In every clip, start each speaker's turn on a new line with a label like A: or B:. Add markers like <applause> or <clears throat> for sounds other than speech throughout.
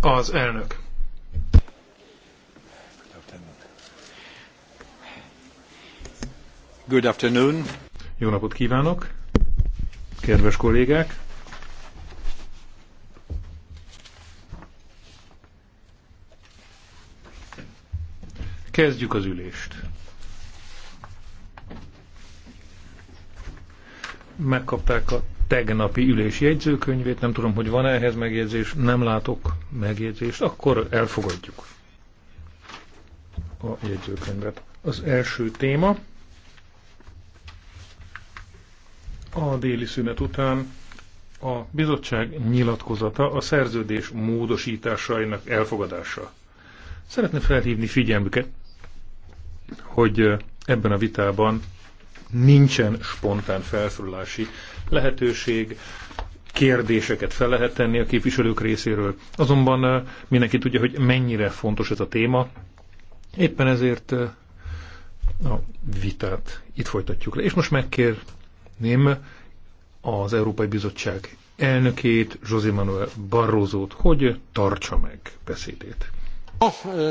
A: Az elnök. Good afternoon. Jó napot kívánok, kedves kollégák! Kezdjük az ülést. Megkapták a tegnapi ülés jegyzőkönyvét. Nem tudom, hogy van -e ehhez megjegyzés. Nem látok megjegyzést. Akkor elfogadjuk a jegyzőkönyvet. Az első téma a déli szünet után a bizottság nyilatkozata a szerződés módosításainak elfogadása. Szeretném felhívni figyelmüket, hogy ebben a vitában nincsen spontán felszólalási lehetőség, kérdéseket fel lehet tenni a képviselők részéről. Azonban mindenki tudja, hogy mennyire fontos ez a téma. Éppen ezért a vitát itt folytatjuk le. És most megkérném az Európai Bizottság elnökét, José Manuel Barrozót, hogy tartsa meg beszédét.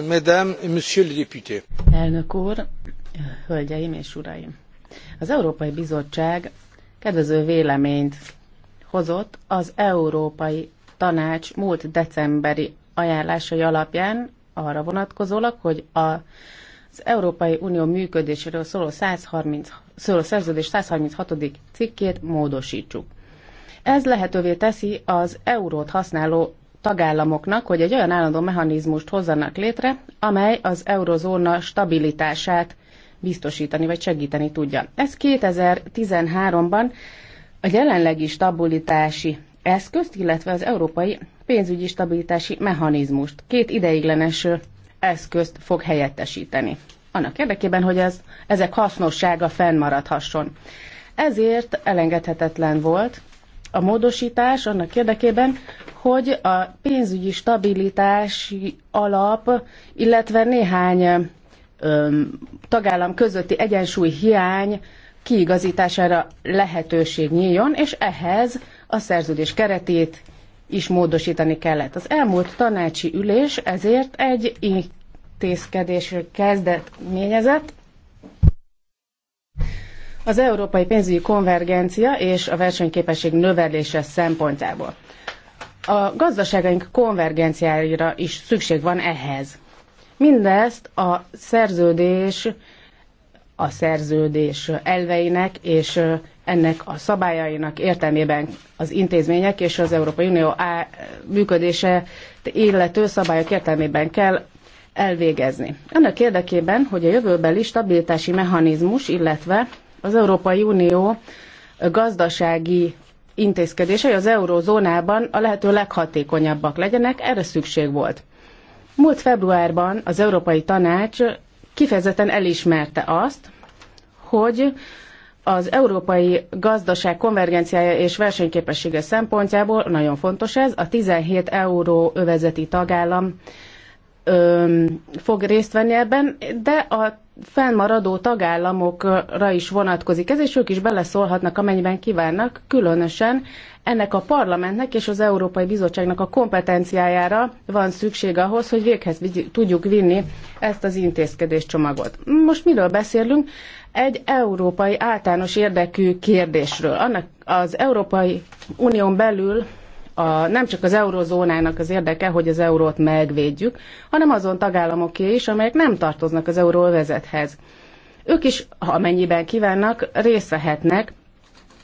B: Madame, Monsieur le député. Elnök úr, hölgyeim és uraim! Az Európai Bizottság kedvező véleményt hozott az Európai Tanács múlt decemberi ajánlásai alapján arra vonatkozólag, hogy a, az Európai Unió működéséről szóló, 130, szóló szerződés 136. cikkét módosítsuk. Ez lehetővé teszi az eurót használó tagállamoknak, hogy egy olyan állandó mechanizmust hozzanak létre, amely az eurozóna stabilitását biztosítani vagy segíteni tudja. Ez 2013-ban a jelenlegi stabilitási eszközt, illetve az európai pénzügyi stabilitási mechanizmust, két ideiglenes eszközt fog helyettesíteni. Annak érdekében, hogy ez, ezek hasznossága fennmaradhasson. Ezért elengedhetetlen volt a módosítás annak érdekében, hogy a pénzügyi stabilitási alap, illetve néhány tagállam közötti egyensúly hiány kiigazítására lehetőség nyíljon, és ehhez a szerződés keretét is módosítani kellett. Az elmúlt tanácsi ülés ezért egy kezdett kezdeményezett, az európai pénzügyi konvergencia és a versenyképesség növelése szempontjából. A gazdaságaink konvergenciáira is szükség van ehhez. Mindezt a szerződés, a szerződés elveinek és ennek a szabályainak értelmében az intézmények és az Európai Unió működése illető szabályok értelmében kell elvégezni. Ennek érdekében, hogy a jövőbeli stabilitási mechanizmus, illetve az Európai Unió gazdasági intézkedései az eurozónában a lehető leghatékonyabbak legyenek, erre szükség volt. Múlt februárban az Európai Tanács kifejezetten elismerte azt, hogy az európai gazdaság konvergenciája és versenyképessége szempontjából nagyon fontos ez. A 17 euró övezeti tagállam öm, fog részt venni ebben, de a fennmaradó tagállamokra is vonatkozik ez, és ők is beleszólhatnak, amennyiben kívánnak, különösen ennek a parlamentnek és az Európai Bizottságnak a kompetenciájára van szükség ahhoz, hogy véghez tudjuk vinni ezt az csomagot. Most miről beszélünk? Egy európai általános érdekű kérdésről. Annak az Európai Unión belül a, nem csak az eurozónának az érdeke, hogy az eurót megvédjük, hanem azon tagállamoké is, amelyek nem tartoznak az euróvezethez. Ők is, ha amennyiben kívánnak, részt vehetnek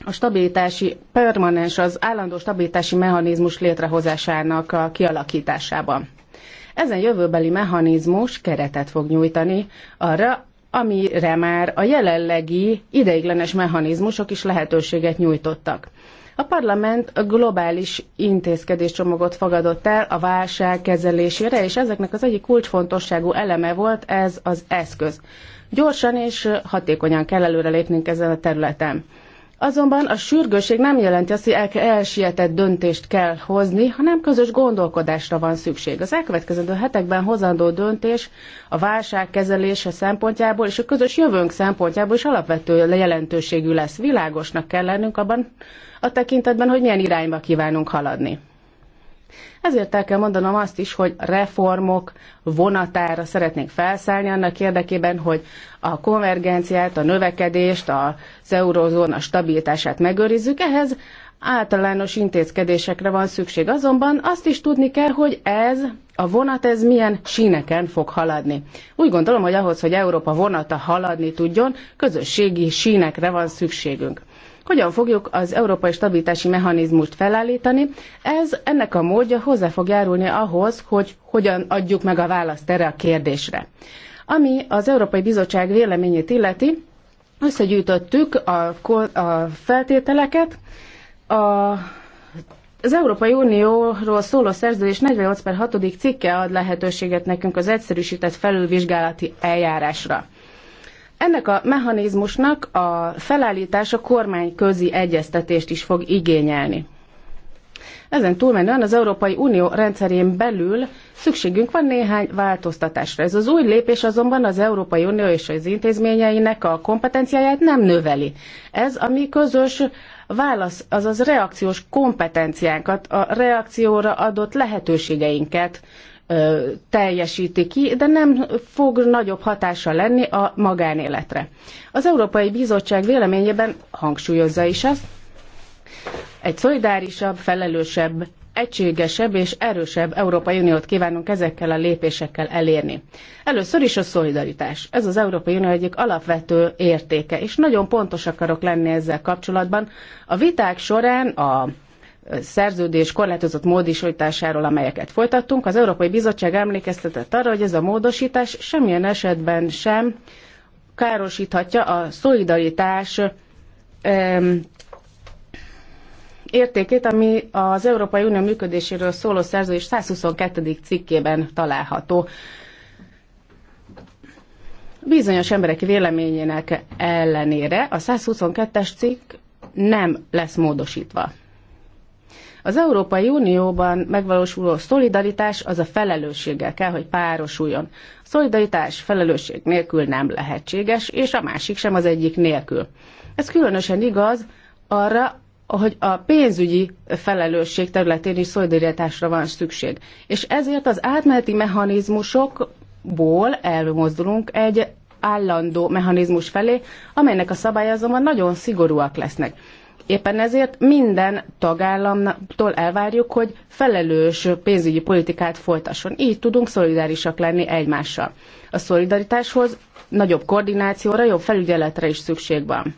B: a stabilitási, permanens, az állandó stabilitási mechanizmus létrehozásának a kialakításában. Ezen jövőbeli mechanizmus keretet fog nyújtani arra, amire már a jelenlegi ideiglenes mechanizmusok is lehetőséget nyújtottak. A parlament a globális intézkedéscsomagot fogadott el a válság kezelésére, és ezeknek az egyik kulcsfontosságú eleme volt ez az eszköz. Gyorsan és hatékonyan kell előrelépnünk ezen a területen. Azonban a sürgőség nem jelenti azt, hogy elsietett döntést kell hozni, hanem közös gondolkodásra van szükség. Az elkövetkezendő hetekben hozandó döntés a válság kezelése szempontjából és a közös jövőnk szempontjából is alapvető jelentőségű lesz. Világosnak kell lennünk abban, a tekintetben, hogy milyen irányba kívánunk haladni. Ezért el kell mondanom azt is, hogy reformok vonatára szeretnénk felszállni annak érdekében, hogy a konvergenciát, a növekedést, az eurózóna stabilitását megőrizzük. Ehhez általános intézkedésekre van szükség. Azonban azt is tudni kell, hogy ez a vonat ez milyen síneken fog haladni. Úgy gondolom, hogy ahhoz, hogy Európa vonata haladni tudjon, közösségi sínekre van szükségünk hogyan fogjuk az európai stabilitási mechanizmust felállítani. Ez ennek a módja hozzá fog járulni ahhoz, hogy hogyan adjuk meg a választ erre a kérdésre. Ami az Európai Bizottság véleményét illeti, összegyűjtöttük a, a feltételeket, a az Európai Unióról szóló szerződés 48 per 6. cikke ad lehetőséget nekünk az egyszerűsített felülvizsgálati eljárásra. Ennek a mechanizmusnak a felállítása kormányközi egyeztetést is fog igényelni. Ezen túlmenően az Európai Unió rendszerén belül szükségünk van néhány változtatásra. Ez az új lépés azonban az Európai Unió és az intézményeinek a kompetenciáját nem növeli. Ez a mi közös válasz, azaz reakciós kompetenciánkat, a reakcióra adott lehetőségeinket teljesíti ki, de nem fog nagyobb hatása lenni a magánéletre. Az Európai Bizottság véleményében hangsúlyozza is azt, egy szolidárisabb, felelősebb, egységesebb és erősebb Európai Uniót kívánunk ezekkel a lépésekkel elérni. Először is a szolidaritás. Ez az Európai Unió egyik alapvető értéke, és nagyon pontos akarok lenni ezzel kapcsolatban. A viták során a szerződés korlátozott módosításáról, amelyeket folytattunk. Az Európai Bizottság emlékeztetett arra, hogy ez a módosítás semmilyen esetben sem károsíthatja a szolidaritás értékét, ami az Európai Unió működéséről szóló szerződés 122. cikkében található. Bizonyos emberek véleményének ellenére a 122-es cikk nem lesz módosítva. Az Európai Unióban megvalósuló szolidaritás az a felelősséggel kell, hogy párosuljon. Szolidaritás felelősség nélkül nem lehetséges, és a másik sem az egyik nélkül. Ez különösen igaz arra, hogy a pénzügyi felelősség területén is szolidaritásra van szükség. És ezért az átmeneti mechanizmusokból elmozdulunk egy állandó mechanizmus felé, amelynek a szabály azonban nagyon szigorúak lesznek. Éppen ezért minden tagállamtól elvárjuk, hogy felelős pénzügyi politikát folytasson. Így tudunk szolidárisak lenni egymással. A szolidaritáshoz nagyobb koordinációra, jobb felügyeletre is szükség van.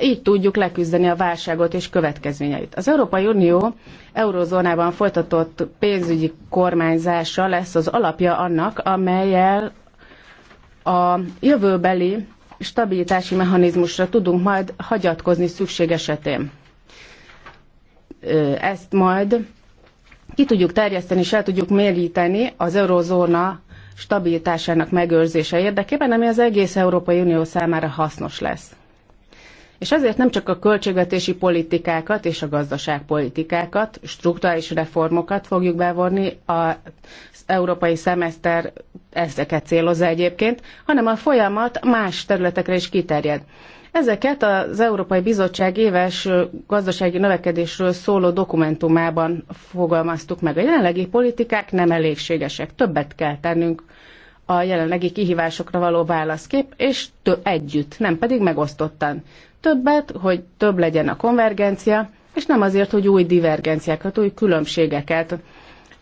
B: Így tudjuk leküzdeni a válságot és következményeit. Az Európai Unió eurozónában folytatott pénzügyi kormányzása lesz az alapja annak, amelyel a jövőbeli stabilitási mechanizmusra tudunk majd hagyatkozni szükség esetén. Ezt majd ki tudjuk terjeszteni és el tudjuk méríteni az eurozóna stabilitásának megőrzése érdekében, ami az egész Európai Unió számára hasznos lesz. És ezért nem csak a költségvetési politikákat és a gazdaságpolitikákat, struktúrális reformokat fogjuk bevonni, az európai szemeszter ezeket célozza egyébként, hanem a folyamat más területekre is kiterjed. Ezeket az Európai Bizottság éves gazdasági növekedésről szóló dokumentumában fogalmaztuk meg. A jelenlegi politikák nem elégségesek, többet kell tennünk a jelenlegi kihívásokra való válaszkép, és több együtt, nem pedig megosztottan. Többet, hogy több legyen a konvergencia, és nem azért, hogy új divergenciákat, új különbségeket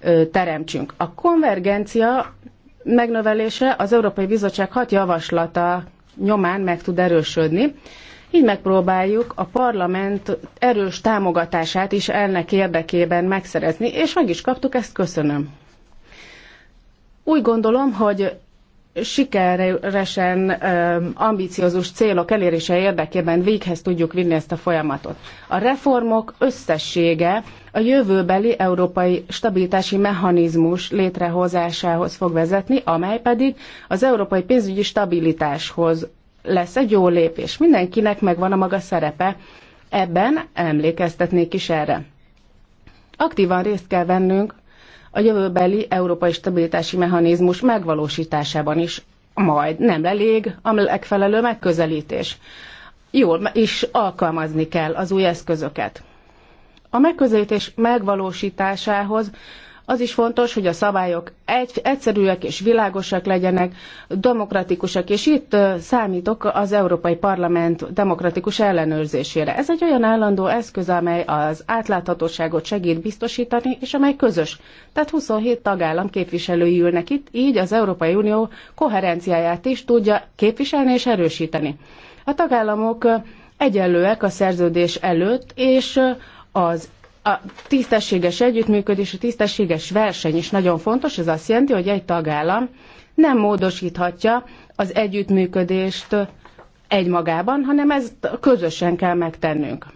B: ö, teremtsünk. A konvergencia megnövelése az Európai Bizottság hat javaslata nyomán meg tud erősödni. Így megpróbáljuk a parlament erős támogatását is ennek érdekében megszerezni, és meg is kaptuk, ezt köszönöm. Úgy gondolom, hogy sikeresen ambiciózus célok elérése érdekében véghez tudjuk vinni ezt a folyamatot. A reformok összessége a jövőbeli európai stabilitási mechanizmus létrehozásához fog vezetni, amely pedig az európai pénzügyi stabilitáshoz lesz egy jó lépés. Mindenkinek megvan a maga szerepe, ebben emlékeztetnék is erre. Aktívan részt kell vennünk a jövőbeli európai stabilitási mechanizmus megvalósításában is majd nem elég a megfelelő megközelítés. Jól is alkalmazni kell az új eszközöket. A megközelítés megvalósításához az is fontos, hogy a szabályok egy, egyszerűek és világosak legyenek, demokratikusak, és itt számítok az Európai Parlament demokratikus ellenőrzésére. Ez egy olyan állandó eszköz, amely az átláthatóságot segít biztosítani, és amely közös. Tehát 27 tagállam képviselői ülnek itt, így az Európai Unió koherenciáját is tudja képviselni és erősíteni. A tagállamok egyenlőek a szerződés előtt, és az a tisztességes együttműködés, a tisztességes verseny is nagyon fontos. Ez azt jelenti, hogy egy tagállam nem módosíthatja az együttműködést egymagában, hanem ezt közösen kell megtennünk.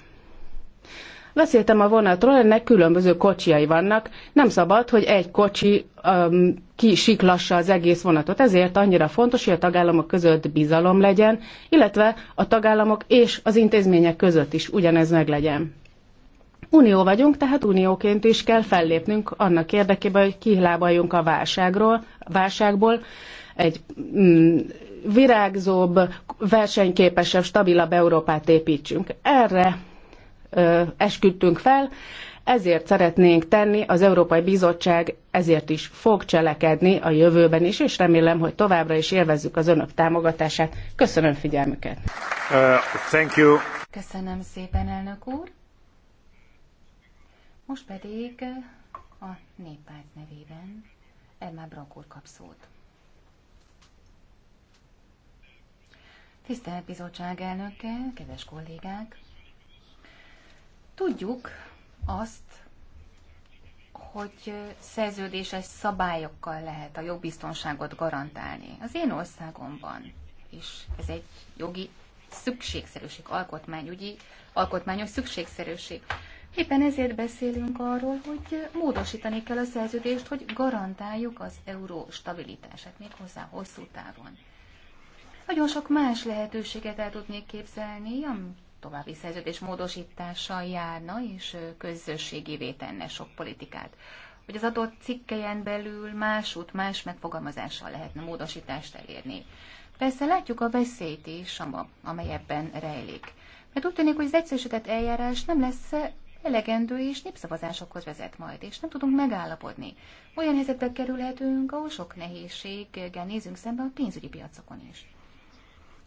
B: Beszéltem a vonatról, ennek különböző kocsiai vannak. Nem szabad, hogy egy kocsi um, kisiklassa az egész vonatot. Ezért annyira fontos, hogy a tagállamok között bizalom legyen, illetve a tagállamok és az intézmények között is ugyanez meglegyen. Unió vagyunk, tehát unióként is kell fellépnünk annak érdekében, hogy kihlábaljunk a válságról, válságból, egy mm, virágzóbb, versenyképesebb, stabilabb Európát építsünk. Erre ö, esküdtünk fel, ezért szeretnénk tenni, az Európai Bizottság ezért is fog cselekedni a jövőben is, és remélem, hogy továbbra is élvezzük az önök támogatását. Köszönöm figyelmüket! Uh, thank you.
C: Köszönöm szépen, elnök úr! Most pedig a néppárt nevében Elmár Brank úr kap szót. Tisztelt bizottság elnöke, kedves kollégák! Tudjuk azt, hogy szerződéses szabályokkal lehet a jogbiztonságot garantálni. Az én országomban is ez egy jogi szükségszerűség, alkotmányügyi, alkotmányos szükségszerűség. Éppen ezért beszélünk arról, hogy módosítani kell a szerződést, hogy garantáljuk az euró stabilitását még hozzá hosszú távon. Nagyon sok más lehetőséget el tudnék képzelni, ami további szerződés módosítással járna, és közösségévé tenne sok politikát. Hogy az adott cikkelyen belül más út, más megfogalmazással lehetne módosítást elérni. Persze látjuk a veszélyt is, amely ebben rejlik. Mert úgy tűnik, hogy az egyszerűsített eljárás nem lesz elegendő és népszavazásokhoz vezet majd, és nem tudunk megállapodni. Olyan helyzetbe kerülhetünk, ahol sok nehézséggel nézünk szembe a pénzügyi piacokon is.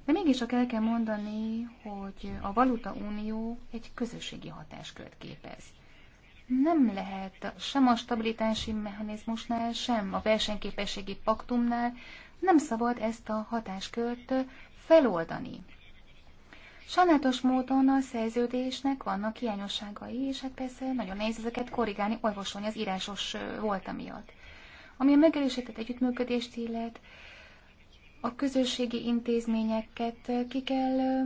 C: De csak el kell mondani, hogy a valuta unió egy közösségi hatáskört képez. Nem lehet sem a stabilitási mechanizmusnál, sem a versenyképességi paktumnál nem szabad ezt a hatáskört feloldani. Sajnálatos módon a szerződésnek vannak hiányosságai, és hát persze nagyon nehéz ezeket korrigálni, orvosolni az írásos volt miatt. Ami a megerősített együttműködést illet, a közösségi intézményeket ki kell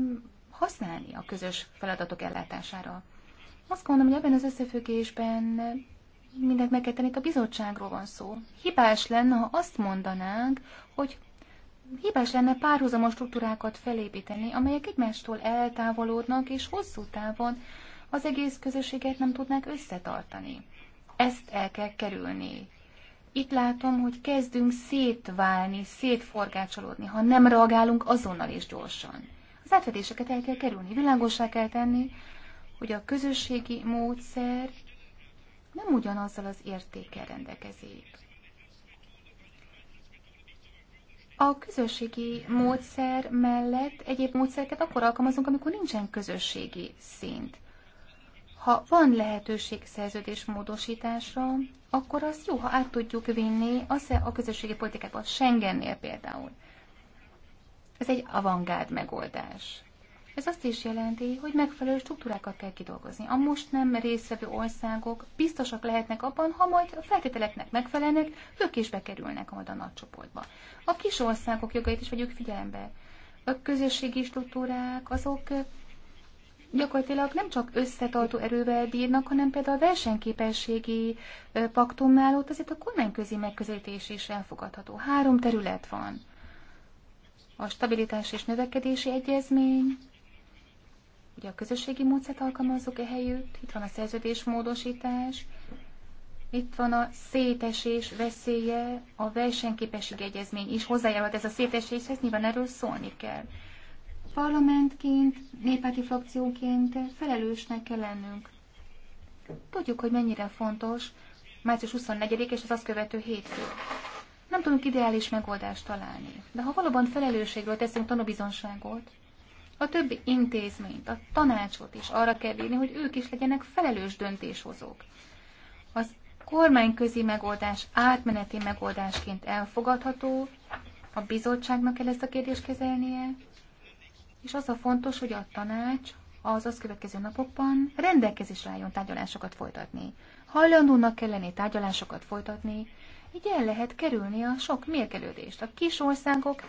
C: használni a közös feladatok ellátására. Azt gondolom, hogy ebben az összefüggésben mindent meg kell tenni, a bizottságról van szó. Hibás lenne, ha azt mondanánk, hogy Hibás lenne párhuzamos struktúrákat felépíteni, amelyek egymástól eltávolodnak, és hosszú távon az egész közösséget nem tudnák összetartani. Ezt el kell kerülni. Itt látom, hogy kezdünk szétválni, szétforgácsolódni, ha nem reagálunk azonnal és gyorsan. Az átfedéseket el kell kerülni, világosá kell tenni, hogy a közösségi módszer nem ugyanazzal az értékkel rendelkezik. A közösségi módszer mellett egyéb módszereket akkor alkalmazunk, amikor nincsen közösségi szint. Ha van lehetőség szerződés módosításra, akkor azt jó, ha át tudjuk vinni az a közösségi politikába, Schengennél például. Ez egy avantgárd megoldás. Ez azt is jelenti, hogy megfelelő struktúrákat kell kidolgozni. A most nem részvevő országok biztosak lehetnek abban, ha majd a feltételeknek megfelelnek, ők is bekerülnek majd a nagy csoportba. A kis országok jogait is vegyük figyelembe. A közösségi struktúrák azok eh, gyakorlatilag nem csak összetartó erővel bírnak, hanem például a versenyképességi eh, paktumnál ott azért a kormányközi megközelítés is elfogadható. Három terület van. A stabilitás és növekedési egyezmény, Ugye a közösségi módszert alkalmazzuk e helyütt, itt van a szerződésmódosítás, itt van a szétesés veszélye, a versenyképesség egyezmény is hozzájárult ez a széteséshez, nyilván erről szólni kell. Parlamentként, néppárti frakcióként felelősnek kell lennünk. Tudjuk, hogy mennyire fontos március 24 és az azt követő hétfő. Nem tudunk ideális megoldást találni, de ha valóban felelősségről teszünk tanúbizonságot, a többi intézményt, a tanácsot is arra kell vinni, hogy ők is legyenek felelős döntéshozók. Az kormányközi megoldás átmeneti megoldásként elfogadható, a bizottságnak kell ezt a kérdést kezelnie, és az a fontos, hogy a tanács az az következő napokban rendelkezésre álljon tárgyalásokat folytatni. Hajlandónak kell lenni tárgyalásokat folytatni, így el lehet kerülni a sok mérkelődést. A kis országok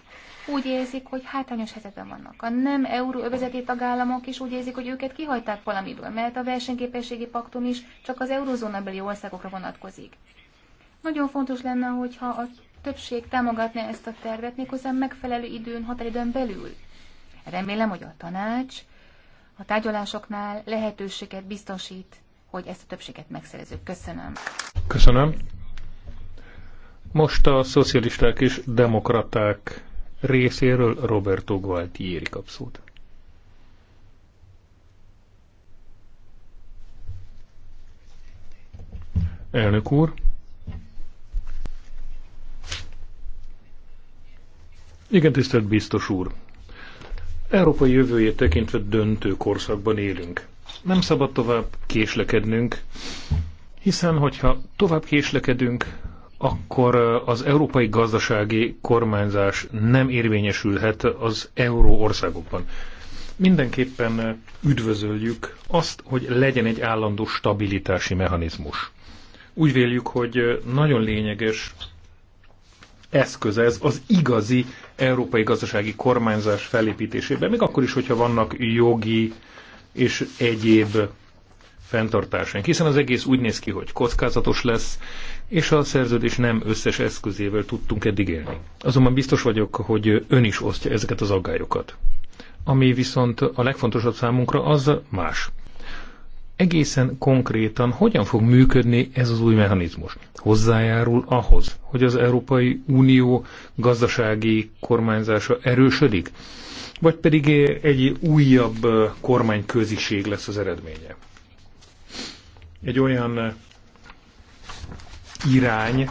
C: úgy érzik, hogy hátrányos helyzetben vannak. A nem euróövezeti tagállamok is úgy érzik, hogy őket kihajták valamiből, mert a versenyképességi paktum is csak az eurozónabeli országokra vonatkozik. Nagyon fontos lenne, hogyha a többség támogatná ezt a tervet, méghozzá megfelelő időn, határidőn belül. Remélem, hogy a tanács a tárgyalásoknál lehetőséget biztosít, hogy ezt a többséget megszerezzük. Köszönöm.
A: Köszönöm. Most a szocialisták és demokraták részéről Roberto Gualtieri kapszót. Elnök úr! Igen, tisztelt biztos úr! Európai jövőjét tekintve döntő korszakban élünk. Nem szabad tovább késlekednünk, hiszen hogyha tovább késlekedünk, akkor az európai gazdasági kormányzás nem érvényesülhet az euró országokban. Mindenképpen üdvözöljük azt, hogy legyen egy állandó stabilitási mechanizmus. Úgy véljük, hogy nagyon lényeges eszköz ez az igazi európai gazdasági kormányzás felépítésében, még akkor is, hogyha vannak jogi és egyéb fenntartásaink, hiszen az egész úgy néz ki, hogy kockázatos lesz, és a szerződés nem összes eszközével tudtunk eddig élni. Azonban biztos vagyok, hogy ön is osztja ezeket az aggályokat. Ami viszont a legfontosabb számunkra, az más. Egészen konkrétan hogyan fog működni ez az új mechanizmus? Hozzájárul ahhoz, hogy az Európai Unió gazdasági kormányzása erősödik? Vagy pedig egy újabb kormányköziség lesz az eredménye? Egy olyan irány,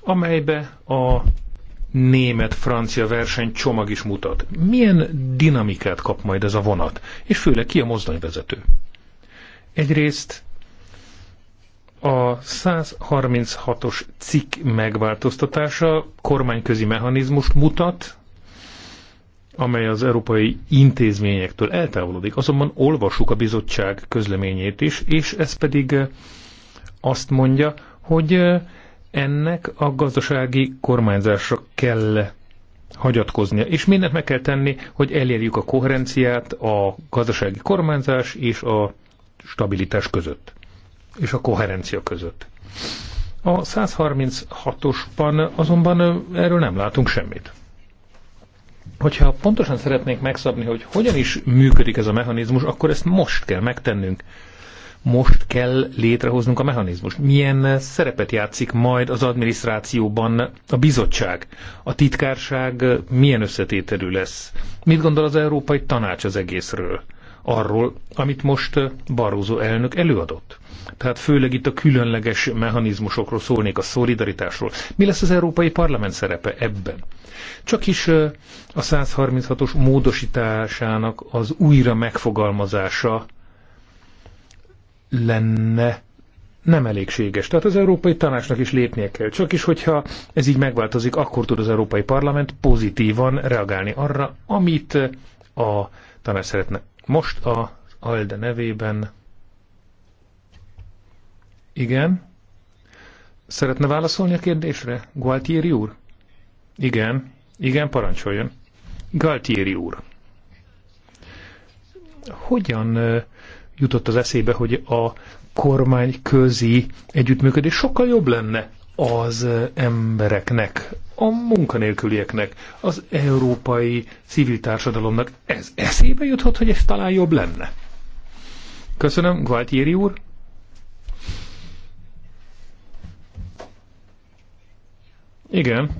A: amelybe a német-francia verseny csomag is mutat. Milyen dinamikát kap majd ez a vonat? És főleg ki a mozdonyvezető? Egyrészt a 136-os cikk megváltoztatása kormányközi mechanizmust mutat, amely az európai intézményektől eltávolodik. Azonban olvassuk a bizottság közleményét is, és ez pedig azt mondja, hogy ennek a gazdasági kormányzásra kell hagyatkoznia. És mindent meg kell tenni, hogy elérjük a koherenciát a gazdasági kormányzás és a stabilitás között. És a koherencia között. A 136-osban azonban erről nem látunk semmit. Hogyha pontosan szeretnénk megszabni, hogy hogyan is működik ez a mechanizmus, akkor ezt most kell megtennünk most kell létrehoznunk a mechanizmust. Milyen szerepet játszik majd az adminisztrációban a bizottság? A titkárság milyen összetételű lesz? Mit gondol az Európai Tanács az egészről? Arról, amit most Barroso elnök előadott? Tehát főleg itt a különleges mechanizmusokról szólnék, a szolidaritásról. Mi lesz az Európai Parlament szerepe ebben? Csak is a 136-os módosításának az újra megfogalmazása lenne nem elégséges. Tehát az Európai Tanácsnak is lépnie kell. Csak is, hogyha ez így megváltozik, akkor tud az Európai Parlament pozitívan reagálni arra, amit a tanács szeretne. Most a ALDE nevében igen. Szeretne válaszolni a kérdésre, Gualtieri úr? Igen, igen, parancsoljon. Galtieri úr. Hogyan jutott az eszébe, hogy a kormány közi együttműködés sokkal jobb lenne az embereknek, a munkanélkülieknek, az európai civil társadalomnak. Ez eszébe juthat, hogy ez talán jobb lenne. Köszönöm, Gualtieri úr. Igen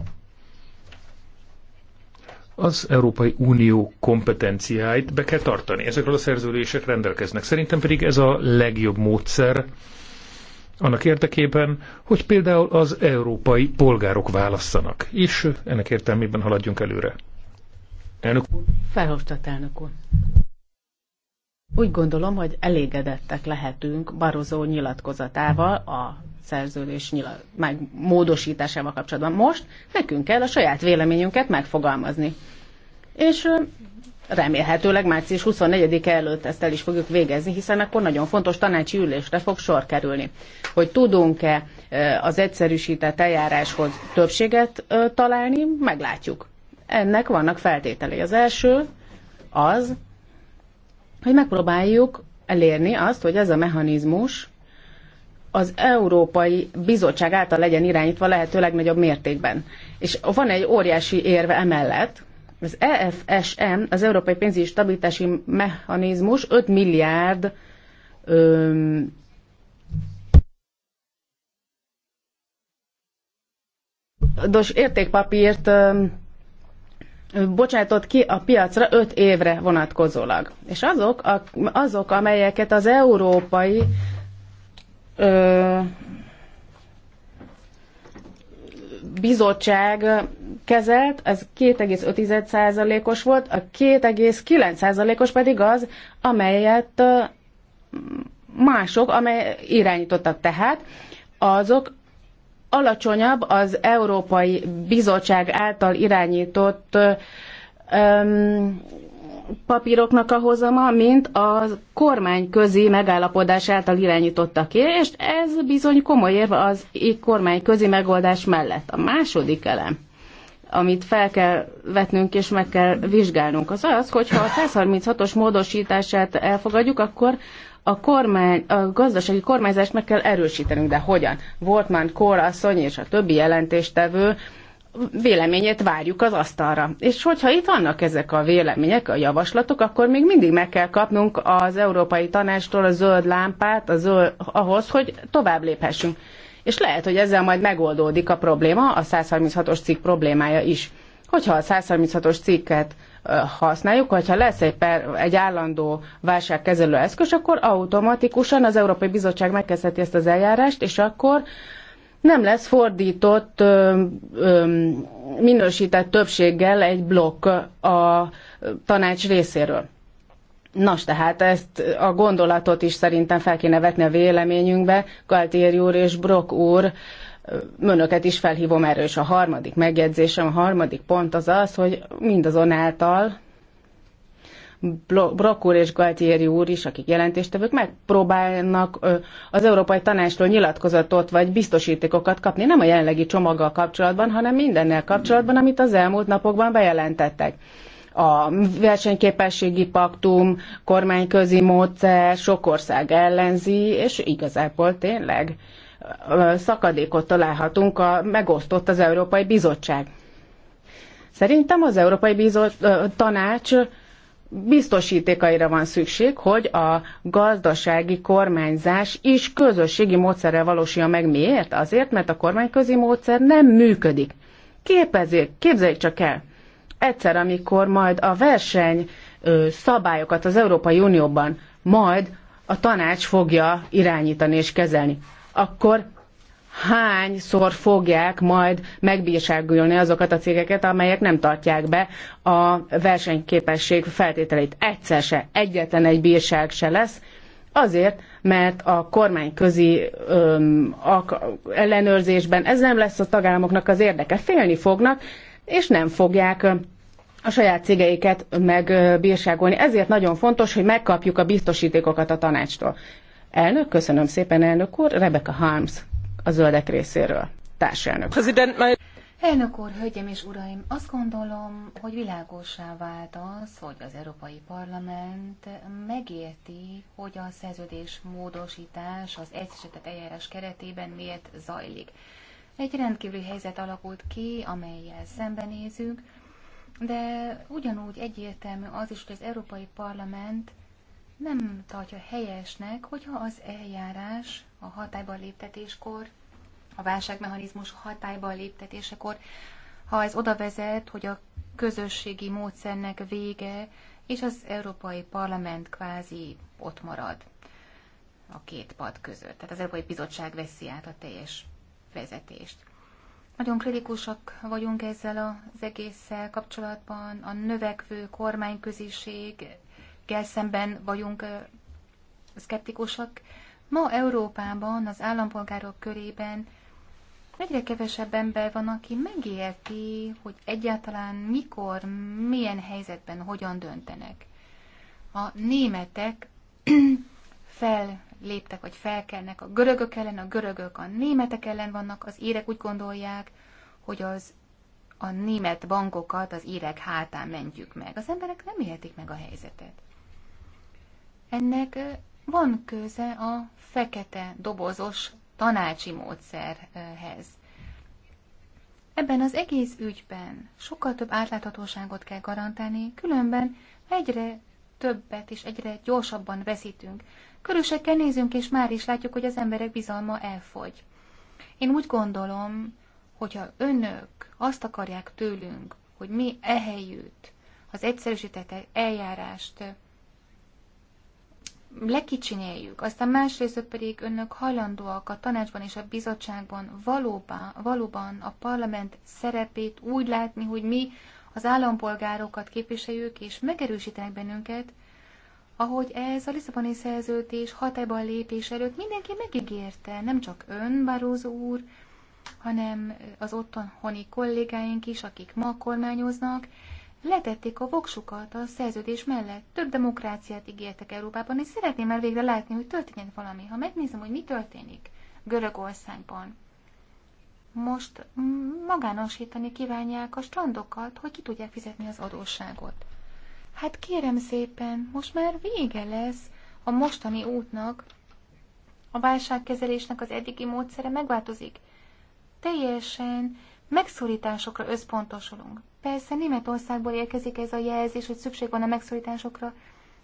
A: az Európai Unió kompetenciáit be kell tartani. Ezekről a szerződések rendelkeznek. Szerintem pedig ez a legjobb módszer annak érdekében, hogy például az európai polgárok válasszanak, és ennek értelmében haladjunk előre. Elnök úr?
B: Felhoztat elnök úr. Úgy gondolom, hogy elégedettek lehetünk Barozó nyilatkozatával, a szerződés nyilat, meg módosításával kapcsolatban. Most nekünk kell a saját véleményünket megfogalmazni. És remélhetőleg március 24-e előtt ezt el is fogjuk végezni, hiszen akkor nagyon fontos tanácsi ülésre fog sor kerülni. Hogy tudunk-e az egyszerűsített eljáráshoz többséget találni, meglátjuk. Ennek vannak feltételei. Az első az, hogy megpróbáljuk elérni azt, hogy ez a mechanizmus az Európai Bizottság által legyen irányítva lehető legnagyobb mértékben. És van egy óriási érve emellett, az EFSM, az Európai Pénzügyi Stabilitási Mechanizmus 5 milliárd öm, dos értékpapírt öm, bocsátott ki a piacra 5 évre vonatkozólag. És azok, a, azok amelyeket az európai ö, bizottság kezelt, ez 2,5%-os volt, a 2,9%-os pedig az, amelyet mások amely irányítottak. Tehát azok alacsonyabb az Európai Bizottság által irányított öm, papíroknak a hozama, mint a kormányközi megállapodás által irányítottaké, és ez bizony komoly érv az kormányközi megoldás mellett. A második elem amit fel kell vetnünk és meg kell vizsgálnunk. Az az, hogyha a 136-os módosítását elfogadjuk, akkor a, kormány, a gazdasági kormányzást meg kell erősítenünk, de hogyan? már Korasszony és a többi jelentéstevő véleményét várjuk az asztalra. És hogyha itt vannak ezek a vélemények, a javaslatok, akkor még mindig meg kell kapnunk az Európai Tanástól a zöld lámpát a zöld, ahhoz, hogy tovább léphessünk. És lehet, hogy ezzel majd megoldódik a probléma, a 136-os cikk problémája is. Hogyha a 136-os cikket használjuk, hogyha lesz egy, per, egy állandó válságkezelő eszköz, akkor automatikusan az Európai Bizottság megkezdheti ezt az eljárást, és akkor nem lesz fordított ö, ö, minősített többséggel egy blokk a tanács részéről. Nos, tehát ezt a gondolatot is szerintem fel kéne vetni a véleményünkbe, Galtieri úr és Brok úr önöket is felhívom erre, és a harmadik megjegyzésem, a harmadik pont az az, hogy mindazonáltal Brock és Galtieri úr is, akik jelentéstevők, megpróbálnak az Európai Tanácstól nyilatkozatot vagy biztosítékokat kapni, nem a jelenlegi csomaggal kapcsolatban, hanem mindennel kapcsolatban, amit az elmúlt napokban bejelentettek. A versenyképességi paktum, kormányközi módszer, sok ország ellenzi, és igazából tényleg szakadékot találhatunk, a, megosztott az Európai Bizottság. Szerintem az Európai Bizot, Tanács biztosítékaira van szükség, hogy a gazdasági kormányzás is közösségi módszerrel valósulja meg. Miért? Azért, mert a kormányközi módszer nem működik. Képezzék, képzeljék csak el. Egyszer, amikor majd a verseny szabályokat az Európai Unióban majd a tanács fogja irányítani és kezelni akkor hányszor fogják majd megbírságülni azokat a cégeket, amelyek nem tartják be a versenyképesség feltételeit. Egyszer se, egyetlen egy bírság se lesz, azért, mert a kormányközi öm, ak- ellenőrzésben ez nem lesz a tagállamoknak az érdeke. Félni fognak, és nem fogják a saját cégeiket megbírságolni. Ezért nagyon fontos, hogy megkapjuk a biztosítékokat a tanácstól. Elnök, köszönöm szépen, elnök úr. Rebecca Harms a zöldek részéről. Társelnök.
C: Elnök úr, hölgyem és uraim, azt gondolom, hogy világosá vált az, hogy az Európai Parlament megérti, hogy a szerződés módosítás az egyszerűsített eljárás keretében miért zajlik. Egy rendkívüli helyzet alakult ki, amelyel szembenézünk, de ugyanúgy egyértelmű az is, hogy az Európai Parlament nem tartja helyesnek, hogyha az eljárás a hatályba léptetéskor, a válságmechanizmus hatályba léptetésekor, ha ez oda vezet, hogy a közösségi módszernek vége, és az Európai Parlament kvázi ott marad a két pad között. Tehát az Európai Bizottság veszi át a teljes vezetést. Nagyon kritikusak vagyunk ezzel az egésszel kapcsolatban. A növekvő kormányköziség szemben vagyunk szkeptikusak. Ma Európában, az állampolgárok körében egyre kevesebb ember van, aki megérti, hogy egyáltalán mikor, milyen helyzetben, hogyan döntenek. A németek <clears throat> felléptek, vagy felkelnek a görögök ellen, a görögök a németek ellen vannak, az írek úgy gondolják, hogy az a német bankokat az írek hátán mentjük meg. Az emberek nem értik meg a helyzetet. Ennek van köze a fekete dobozos tanácsi módszerhez. Ebben az egész ügyben sokkal több átláthatóságot kell garantálni, különben egyre többet és egyre gyorsabban veszítünk. Körülsekkel nézünk, és már is látjuk, hogy az emberek bizalma elfogy. Én úgy gondolom, hogyha önök azt akarják tőlünk, hogy mi ehelyütt az egyszerűsített eljárást lekicsinyeljük, aztán másrészt pedig önök hajlandóak a tanácsban és a bizottságban valóban, valóban a parlament szerepét úgy látni, hogy mi az állampolgárokat képviseljük és megerősítenek bennünket, ahogy ez a Lisszaboni szerződés hatályban lépés előtt mindenki megígérte, nem csak ön, Barózó úr, hanem az otthoni kollégáink is, akik ma kormányoznak, letették a voksukat a szerződés mellett. Több demokráciát ígértek Európában, és szeretném már végre látni, hogy történjen valami. Ha megnézem, hogy mi történik Görögországban, most magánosítani kívánják a strandokat, hogy ki tudják fizetni az adósságot. Hát kérem szépen, most már vége lesz a mostani útnak. A válságkezelésnek az eddigi módszere megváltozik. Teljesen megszorításokra összpontosulunk. Persze Németországból érkezik ez a jelzés, hogy szükség van a megszorításokra.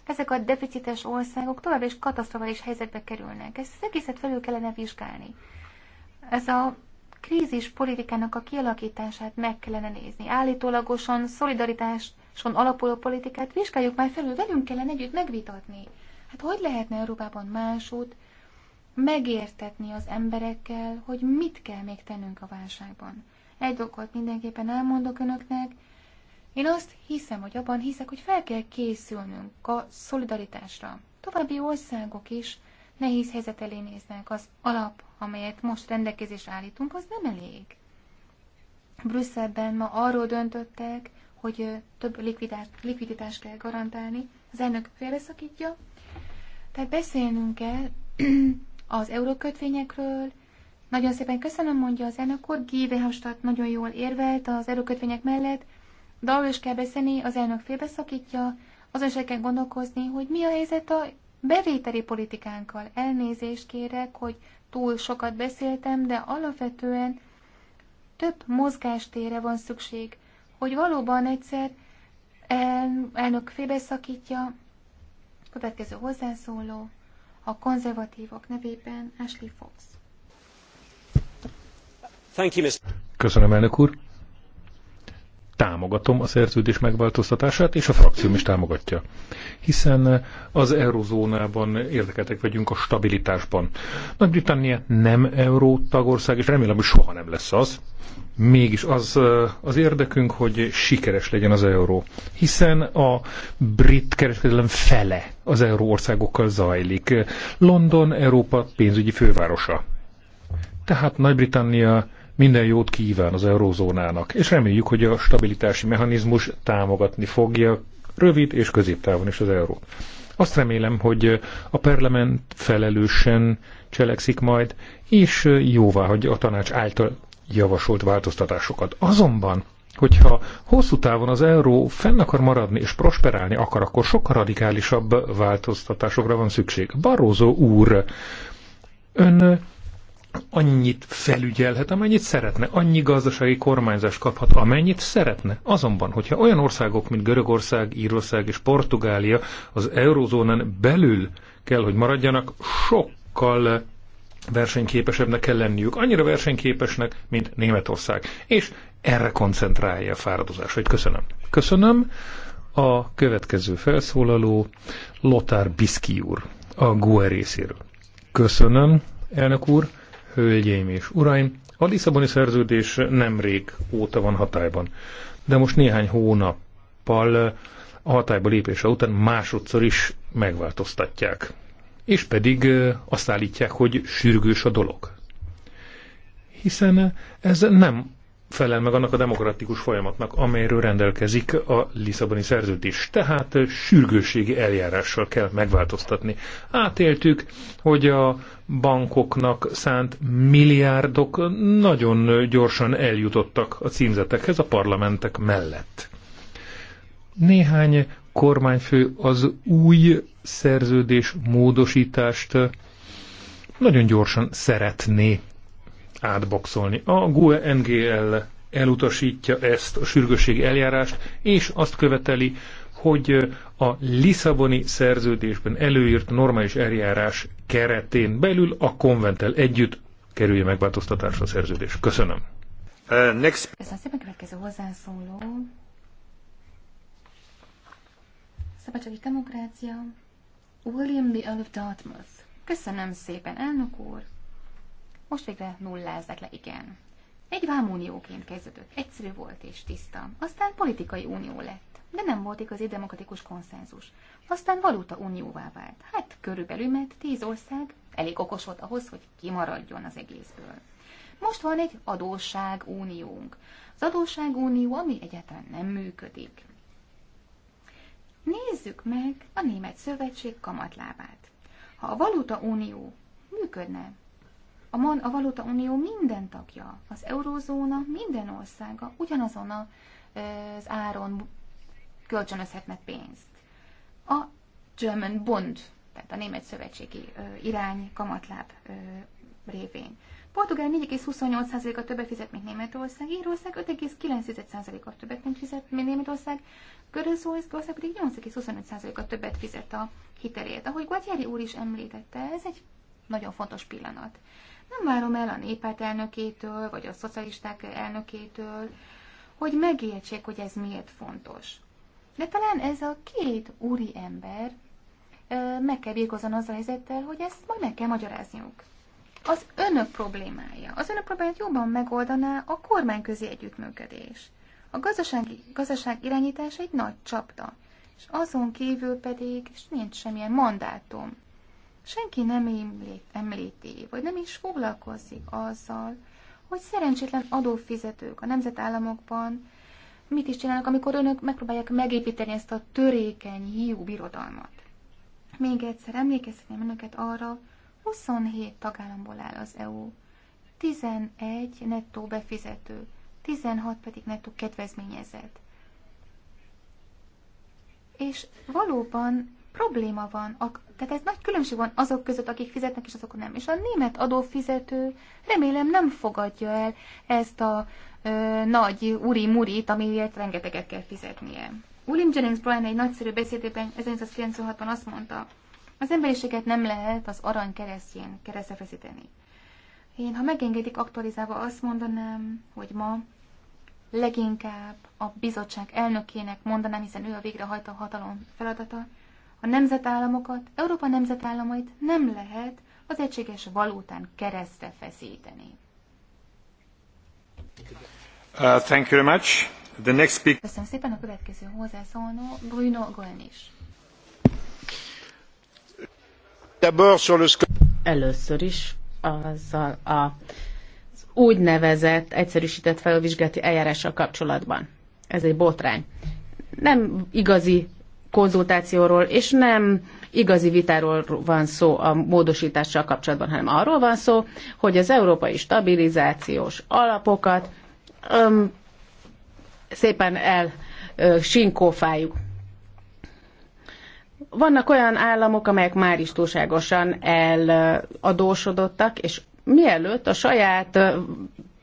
C: Ezek a deficites országok tovább is katasztrofális helyzetbe kerülnek. Ezt az egészet felül kellene vizsgálni. Ez a krízis politikának a kialakítását meg kellene nézni. Állítólagosan, szolidaritáson alapuló politikát vizsgáljuk már felül, velünk kellene együtt megvitatni. Hát hogy lehetne Európában másút megértetni az emberekkel, hogy mit kell még tennünk a válságban? Egy dolgot mindenképpen elmondok önöknek. Én azt hiszem, hogy abban hiszek, hogy fel kell készülnünk a szolidaritásra. További országok is nehéz helyzet elé néznek. Az alap, amelyet most rendelkezés állítunk, az nem elég. Brüsszelben ma arról döntöttek, hogy több likviditást kell garantálni. Az elnök félreszakítja. Tehát beszélnünk kell <clears throat> az eurókötvényekről, nagyon szépen köszönöm, mondja az elnök úr. hasztat nagyon jól érvelt az erőkötvények mellett, de arról is kell beszélni, az elnök félbeszakítja, azon is kell gondolkozni, hogy mi a helyzet a bevételi politikánkkal. Elnézést kérek, hogy túl sokat beszéltem, de alapvetően több mozgástére van szükség, hogy valóban egyszer elnök félbeszakítja, következő hozzászóló a konzervatívok nevében Ashley Fox.
A: Köszönöm, elnök úr. Támogatom a szerződés megváltoztatását, és a frakcióm is támogatja. Hiszen az eurozónában érdekeltek vagyunk a stabilitásban. Nagy-Britannia nem euró tagország, és remélem, hogy soha nem lesz az. Mégis az az érdekünk, hogy sikeres legyen az euró. Hiszen a brit kereskedelem fele az euró országokkal zajlik. London Európa pénzügyi fővárosa. Tehát Nagy-Britannia minden jót kíván az eurózónának, és reméljük, hogy a stabilitási mechanizmus támogatni fogja rövid és középtávon is az eurót. Azt remélem, hogy a parlament felelősen cselekszik majd, és jóvá hagyja a tanács által javasolt változtatásokat. Azonban, hogyha hosszú távon az euró fenn akar maradni és prosperálni akar, akkor sokkal radikálisabb változtatásokra van szükség. Barózó úr, ön annyit felügyelhet, amennyit szeretne, annyi gazdasági kormányzást kaphat, amennyit szeretne. Azonban, hogyha olyan országok, mint Görögország, Írország és Portugália az eurozónán belül kell, hogy maradjanak, sokkal versenyképesebbnek kell lenniük, annyira versenyképesnek, mint Németország. És erre koncentrálja a hogy Köszönöm. Köszönöm. A következő felszólaló Lothar Biszki úr, a GUE részéről. Köszönöm, elnök úr. Hölgyeim és uraim, a Lisszaboni szerződés nemrég óta van hatályban, de most néhány hónappal eh, a hatályba lépése után másodszor is megváltoztatják. És pedig eh, azt állítják, hogy sürgős a dolog. Hiszen eh, ez nem felel meg annak a demokratikus folyamatnak, amelyről rendelkezik a Lisszaboni szerződés. Tehát sürgőségi eljárással kell megváltoztatni. Átéltük, hogy a bankoknak szánt milliárdok nagyon gyorsan eljutottak a címzetekhez a parlamentek mellett. Néhány kormányfő az új szerződés módosítást nagyon gyorsan szeretné átboxolni. A GUE NGL elutasítja ezt a sürgősségi eljárást, és azt követeli, hogy a Lisszaboni szerződésben előírt normális eljárás keretén belül a konventel együtt kerülje megváltoztatásra a szerződés. Köszönöm. Uh, next.
C: Köszönöm szépen, következő hozzászóló. Szabadság demokrácia. William the Earl of Dartmouth. Köszönöm szépen, elnök úr. Most végre nullázzák le, igen. Egy vámunióként kezdődött, egyszerű volt és tiszta. Aztán politikai unió lett de nem volt igazi demokratikus konszenzus. Aztán valuta unióvá vált. Hát körülbelül, mert tíz ország elég okos volt ahhoz, hogy kimaradjon az egészből. Most van egy adósságuniónk. Az adósságunió, ami egyáltalán nem működik. Nézzük meg a Német Szövetség kamatlábát. Ha a valuta unió működne, a, MON, a valuta unió minden tagja, az eurózóna minden országa ugyanazon az áron kölcsönözhetne pénzt. A German Bund, tehát a Német Szövetségi Irány kamatláb révén. Portugál 4,28%-a többet fizet, mint Németország, Írország 5,9%-a többet, mint fizet, mint Németország, Görögország pedig 8,25%-a többet fizet a hitelért. Ahogy Guatyeri úr is említette, ez egy nagyon fontos pillanat. Nem várom el a népát elnökétől, vagy a szocialisták elnökétől, hogy megértsék, hogy ez miért fontos. De talán ez a két úri ember meg kell birkozni azzal a helyzettel, hogy ezt majd meg kell magyarázniuk. Az önök problémája. Az önök problémáját jobban megoldaná a kormányközi együttműködés. A gazdasági, gazdaság irányítása egy nagy csapda, és azon kívül pedig és nincs semmilyen mandátum. Senki nem említi, vagy nem is foglalkozik azzal, hogy szerencsétlen adófizetők a nemzetállamokban mit is csinálnak, amikor önök megpróbálják megépíteni ezt a törékeny hiú birodalmat. Még egyszer emlékeztetném önöket arra, 27 tagállamból áll az EU, 11 nettó befizető, 16 pedig nettó kedvezményezett. És valóban probléma van. A, tehát ez nagy különbség van azok között, akik fizetnek, és azok nem. És a német adófizető remélem nem fogadja el ezt a ö, nagy uri-murit, amiért rengeteget kell fizetnie. William Jennings Bryan egy nagyszerű beszédében 1996-ban azt mondta, az emberiséget nem lehet az arany keresztjén keresztre feszíteni. Én, ha megengedik aktualizálva, azt mondanám, hogy ma leginkább a bizottság elnökének mondanám, hiszen ő a végrehajtó hatalom feladata, a nemzetállamokat, Európa nemzetállamait nem lehet az egységes valután keresztre feszíteni.
A: Uh, thank you very much. The next speaker...
C: Köszönöm szépen a következő hozzászóló, Bruno Golnis.
B: Először is a, a az úgynevezett egyszerűsített felvizsgálati eljárással kapcsolatban. Ez egy botrány. Nem igazi konzultációról, és nem igazi vitáról van szó a módosítással kapcsolatban, hanem arról van szó, hogy az európai stabilizációs alapokat öm, szépen el ö, sinkófáljuk. Vannak olyan államok, amelyek már is túlságosan eladósodottak, és mielőtt a saját,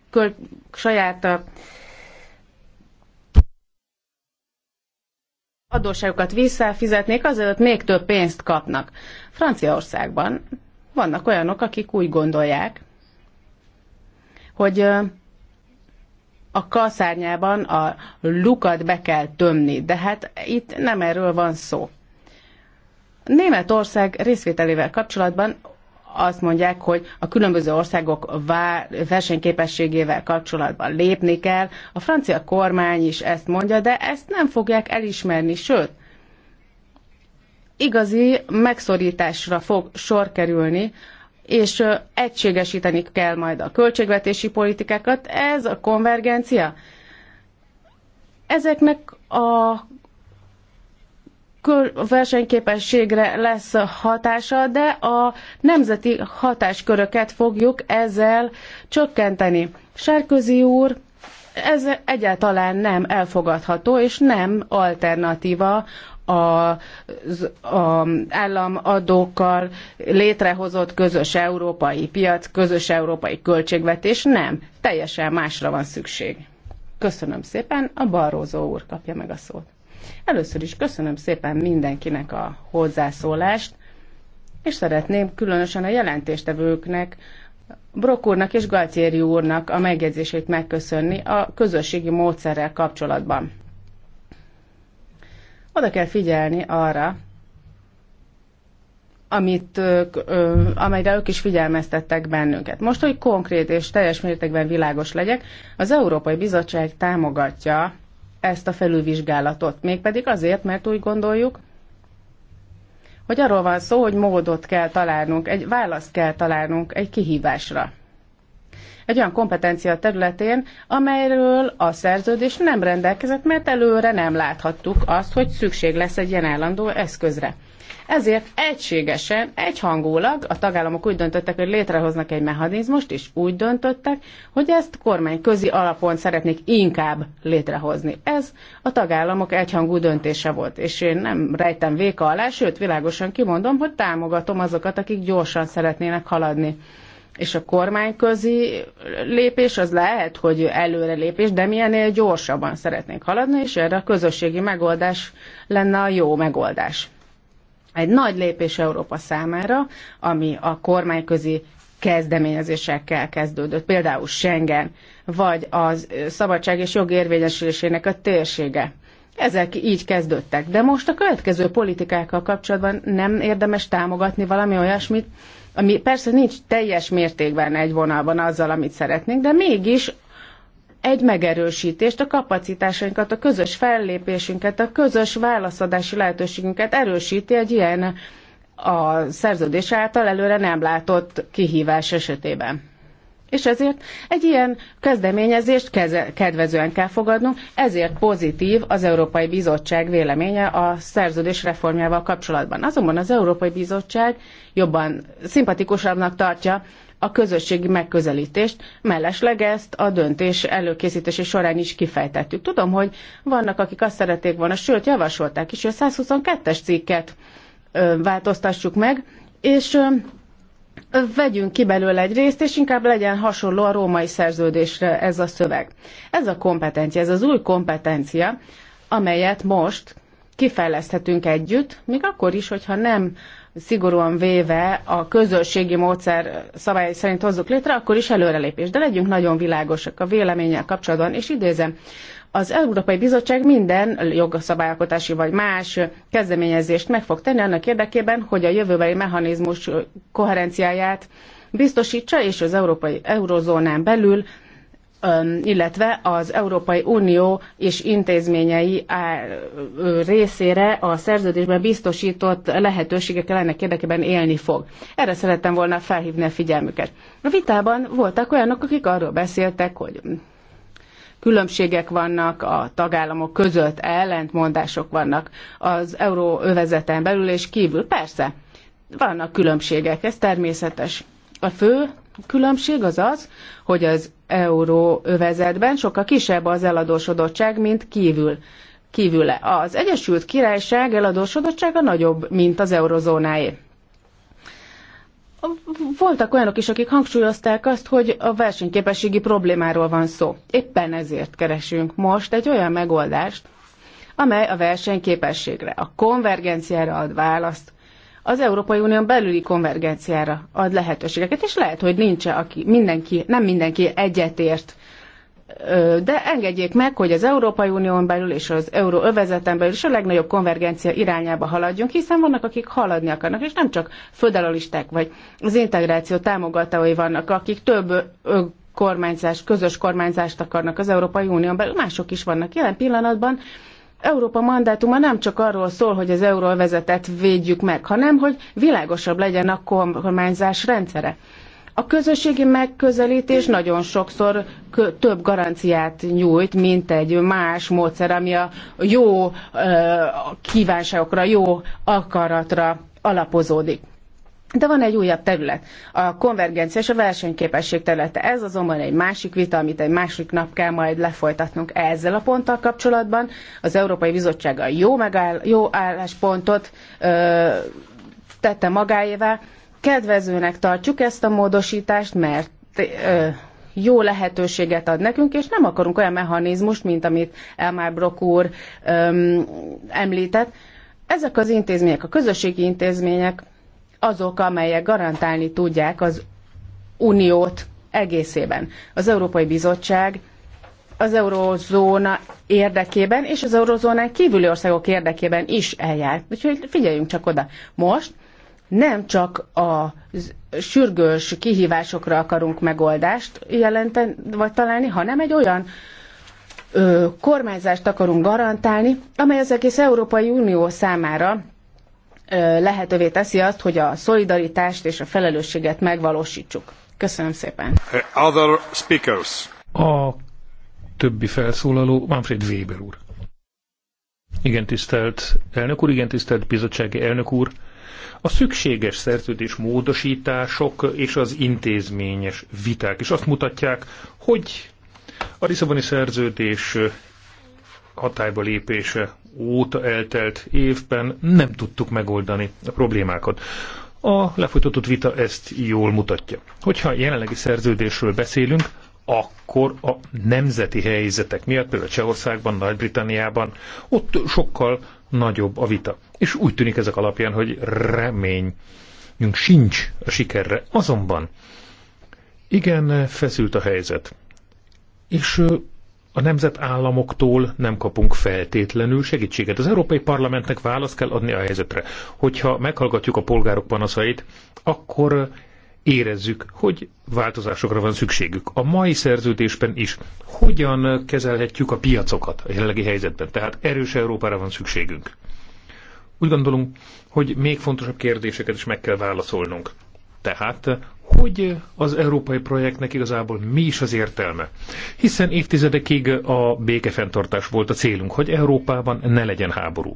B: kö, saját adósságokat visszafizetnék, azelőtt még több pénzt kapnak. Franciaországban vannak olyanok, akik úgy gondolják, hogy a kaszárnyában a lukat be kell tömni, de hát itt nem erről van szó. Németország részvételével kapcsolatban azt mondják, hogy a különböző országok versenyképességével kapcsolatban lépni kell. A francia kormány is ezt mondja, de ezt nem fogják elismerni, sőt, igazi megszorításra fog sor kerülni, és egységesíteni kell majd a költségvetési politikákat. Ez a konvergencia. Ezeknek a versenyképességre lesz hatása, de a nemzeti hatásköröket fogjuk ezzel csökkenteni. Sárközi úr, ez egyáltalán nem elfogadható, és nem alternatíva az államadókkal létrehozott közös európai piac, közös európai költségvetés. Nem, teljesen másra van szükség. Köszönöm szépen, a barózó úr kapja meg a szót. Először is köszönöm szépen mindenkinek a hozzászólást, és szeretném különösen a jelentéstevőknek, Brok úrnak és Galtieri úrnak a megjegyzését megköszönni a közösségi módszerrel kapcsolatban. Oda kell figyelni arra, amit, ö, amelyre ők is figyelmeztettek bennünket. Most, hogy konkrét és teljes mértékben világos legyek, az Európai Bizottság támogatja ezt a felülvizsgálatot. Mégpedig azért, mert úgy gondoljuk, hogy arról van szó, hogy módot kell találnunk, egy választ kell találnunk egy kihívásra. Egy olyan kompetencia területén, amelyről a szerződés nem rendelkezett, mert előre nem láthattuk azt, hogy szükség lesz egy ilyen állandó eszközre. Ezért egységesen, egyhangulag a tagállamok úgy döntöttek, hogy létrehoznak egy mechanizmust, és úgy döntöttek, hogy ezt kormányközi alapon szeretnék inkább létrehozni. Ez a tagállamok egyhangú döntése volt, és én nem rejtem véka alá, sőt, világosan kimondom, hogy támogatom azokat, akik gyorsan szeretnének haladni és a kormányközi lépés az lehet, hogy előre lépés, de milyennél gyorsabban szeretnénk haladni, és erre a közösségi megoldás lenne a jó megoldás egy nagy lépés Európa számára, ami a kormányközi kezdeményezésekkel kezdődött, például Schengen, vagy az szabadság és jog érvényesülésének a térsége. Ezek így kezdődtek. De most a következő politikákkal kapcsolatban nem érdemes támogatni valami olyasmit, ami persze nincs teljes mértékben egy vonalban azzal, amit szeretnénk, de mégis egy megerősítést, a kapacitásainkat, a közös fellépésünket, a közös válaszadási lehetőségünket erősíti egy ilyen a szerződés által előre nem látott kihívás esetében. És ezért egy ilyen kezdeményezést keze- kedvezően kell fogadnunk, ezért pozitív az Európai Bizottság véleménye a szerződés reformjával kapcsolatban. Azonban az Európai Bizottság jobban szimpatikusabbnak tartja a közösségi megközelítést, mellesleg ezt a döntés előkészítési során is kifejtettük. Tudom, hogy vannak, akik azt szerették volna, sőt, javasolták is, hogy a 122-es cikket változtassuk meg, és vegyünk ki belőle egy részt, és inkább legyen hasonló a római szerződésre ez a szöveg. Ez a kompetencia, ez az új kompetencia, amelyet most kifejleszthetünk együtt, még akkor is, hogyha nem szigorúan véve a közösségi módszer szabályai szerint hozzuk létre, akkor is előrelépés. De legyünk nagyon világosak a véleménnyel kapcsolatban, és idézem, az Európai Bizottság minden jogszabályalkotási vagy más kezdeményezést meg fog tenni annak érdekében, hogy a jövőbeli mechanizmus koherenciáját biztosítsa, és az európai eurozónán belül illetve az Európai Unió és intézményei részére a szerződésben biztosított lehetőségekkel ennek érdekében élni fog. Erre szerettem volna felhívni a figyelmüket. A vitában voltak olyanok, akik arról beszéltek, hogy különbségek vannak a tagállamok között, ellentmondások vannak az euróövezeten belül és kívül. Persze, vannak különbségek, ez természetes. A fő különbség az az, hogy az euróövezetben sokkal kisebb az eladósodottság, mint kívül. Kívüle. Az Egyesült Királyság eladósodottsága nagyobb, mint az eurozónáé. Voltak olyanok is, akik hangsúlyozták azt, hogy a versenyképességi problémáról van szó. Éppen ezért keresünk most egy olyan megoldást, amely a versenyképességre, a konvergenciára ad választ, az Európai Unión belüli konvergenciára ad lehetőségeket, és lehet, hogy nincs, aki mindenki, nem mindenki egyetért de engedjék meg, hogy az Európai Unión belül és az euróövezeten belül is a legnagyobb konvergencia irányába haladjunk, hiszen vannak, akik haladni akarnak, és nem csak föderalisták vagy az integráció támogatói vannak, akik több kormányzást, közös kormányzást akarnak az Európai Unión belül, mások is vannak jelen pillanatban, Európa mandátuma nem csak arról szól, hogy az euróvezetet védjük meg, hanem hogy világosabb legyen a kormányzás rendszere. A közösségi megközelítés nagyon sokszor több garanciát nyújt, mint egy más módszer, ami a jó ö, kívánságokra, jó akaratra alapozódik. De van egy újabb terület, a konvergencia és a versenyképesség területe. Ez azonban egy másik vita, amit egy másik nap kell majd lefolytatnunk ezzel a ponttal kapcsolatban. Az Európai Bizottság a jó, megáll, jó álláspontot ö, tette magáévá. Kedvezőnek tartjuk ezt a módosítást, mert ö, jó lehetőséget ad nekünk, és nem akarunk olyan mechanizmust, mint amit Elmár Brok úr ö, említett. Ezek az intézmények, a közösségi intézmények azok, amelyek garantálni tudják az uniót egészében. Az Európai Bizottság az eurozóna érdekében és az eurozónán kívüli országok érdekében is eljár. Úgyhogy figyeljünk csak oda. Most nem csak a sürgős kihívásokra akarunk megoldást jelenten vagy találni, hanem egy olyan ö, kormányzást akarunk garantálni, amely az egész Európai Unió számára lehetővé teszi azt, hogy a szolidaritást és a felelősséget megvalósítsuk. Köszönöm szépen.
A: Other speakers.
B: A többi
A: felszólaló Manfred Weber úr. Igen, tisztelt elnök úr, igen, tisztelt bizottsági elnök úr. A szükséges szerződés módosítások és az intézményes viták is azt mutatják, hogy a Lisszaboni szerződés hatályba lépése óta eltelt évben nem tudtuk megoldani a problémákat. A lefolytatott vita ezt jól mutatja. Hogyha jelenlegi szerződésről beszélünk, akkor a nemzeti helyzetek miatt, például Csehországban, Nagy-Britanniában, ott sokkal nagyobb a vita. És úgy tűnik ezek alapján, hogy reményünk sincs a sikerre. Azonban igen feszült a helyzet. És a nemzetállamoktól nem kapunk feltétlenül segítséget. Az Európai Parlamentnek választ kell adni a helyzetre. Hogyha meghallgatjuk a polgárok panaszait, akkor érezzük, hogy változásokra van szükségük. A mai szerződésben is hogyan kezelhetjük a piacokat a jelenlegi helyzetben. Tehát erős Európára van szükségünk. Úgy gondolom, hogy még fontosabb kérdéseket is meg kell válaszolnunk. Tehát hogy az európai projektnek igazából mi is az értelme. Hiszen évtizedekig a békefenntartás volt a célunk, hogy Európában ne legyen háború.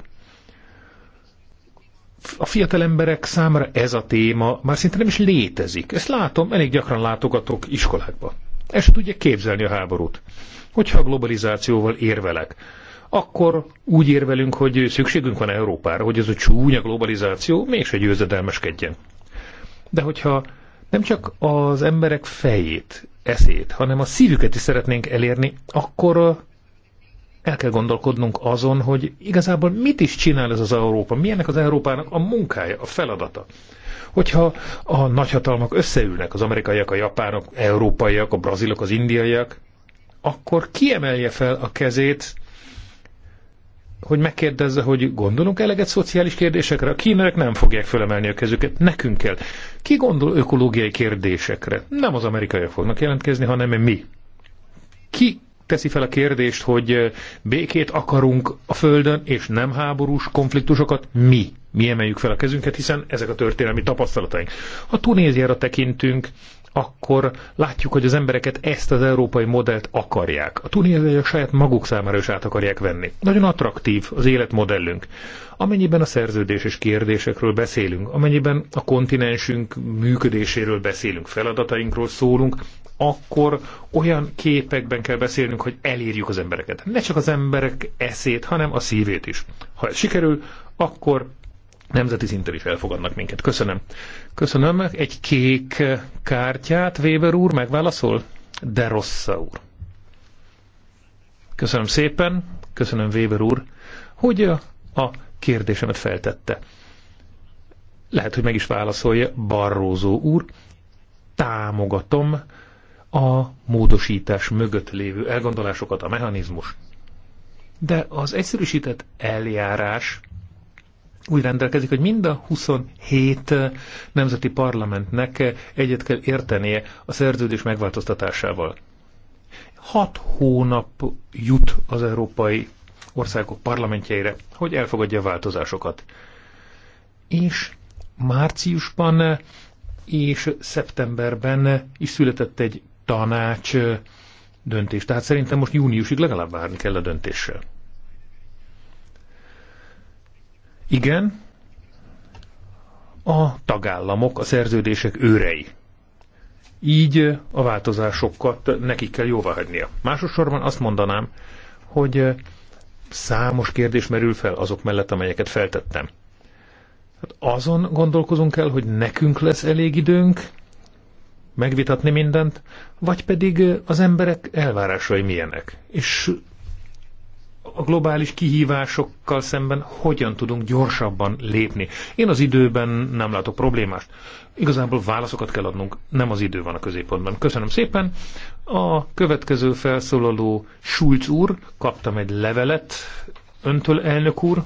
A: A fiatal emberek számára ez a téma már szinte nem is létezik. Ezt látom, elég gyakran látogatok iskolákba. És tudja képzelni a háborút. Hogyha a globalizációval érvelek, akkor úgy érvelünk, hogy szükségünk van Európára, hogy ez a csúnya globalizáció mégse győzedelmeskedjen. De hogyha nem csak az emberek fejét, eszét, hanem a szívüket is szeretnénk elérni, akkor el kell gondolkodnunk azon, hogy igazából mit is csinál ez az Európa, milyennek az Európának a munkája, a feladata. Hogyha a nagyhatalmak összeülnek, az amerikaiak, a japánok, európaiak, a brazilok, az indiaiak, akkor kiemelje fel a kezét hogy megkérdezze, hogy gondolunk eleget szociális kérdésekre? A kínaiak nem fogják fölemelni a kezüket, nekünk kell. Ki gondol ökológiai kérdésekre? Nem az amerikaiak fognak jelentkezni, hanem mi. Ki teszi fel a kérdést, hogy békét akarunk a Földön, és nem háborús konfliktusokat? Mi. Mi emeljük fel a kezünket, hiszen ezek a történelmi tapasztalataink. Ha Tunéziára tekintünk, akkor látjuk, hogy az embereket ezt az európai modellt akarják. A tunéziaiak saját maguk számára is át akarják venni. Nagyon attraktív az életmodellünk. Amennyiben a szerződéses kérdésekről beszélünk, amennyiben a kontinensünk működéséről beszélünk, feladatainkról szólunk, akkor olyan képekben kell beszélnünk, hogy elérjük az embereket. Ne csak az emberek eszét, hanem a szívét is. Ha ez sikerül, akkor nemzeti szinten is elfogadnak minket. Köszönöm. Köszönöm. Egy kék kártyát Weber úr megválaszol? De rossza úr. Köszönöm szépen, köszönöm Weber úr, hogy a kérdésemet feltette. Lehet, hogy meg is válaszolja Barrózó úr. Támogatom a módosítás mögött lévő elgondolásokat, a mechanizmus. De az egyszerűsített eljárás úgy rendelkezik, hogy mind a 27 eh, nemzeti parlamentnek eh, egyet kell értenie a szerződés megváltoztatásával. Hat hónap jut az európai országok parlamentjeire, hogy elfogadja a változásokat. És márciusban eh, és szeptemberben is született egy tanács döntés. Tehát szerintem most júniusig legalább várni kell a döntéssel. Igen, a tagállamok a szerződések őrei. Így a változásokat nekik kell jóváhagynia. Másosorban azt mondanám, hogy számos kérdés merül fel azok mellett, amelyeket feltettem. Hát azon gondolkozunk el, hogy nekünk lesz elég időnk megvitatni mindent, vagy pedig az emberek elvárásai milyenek. És a globális kihívásokkal szemben hogyan tudunk gyorsabban lépni. Én az időben nem látok problémást. Igazából válaszokat kell adnunk, nem az idő van a középpontban. Köszönöm szépen. A következő felszólaló Schulz úr, kaptam egy levelet öntől, elnök úr.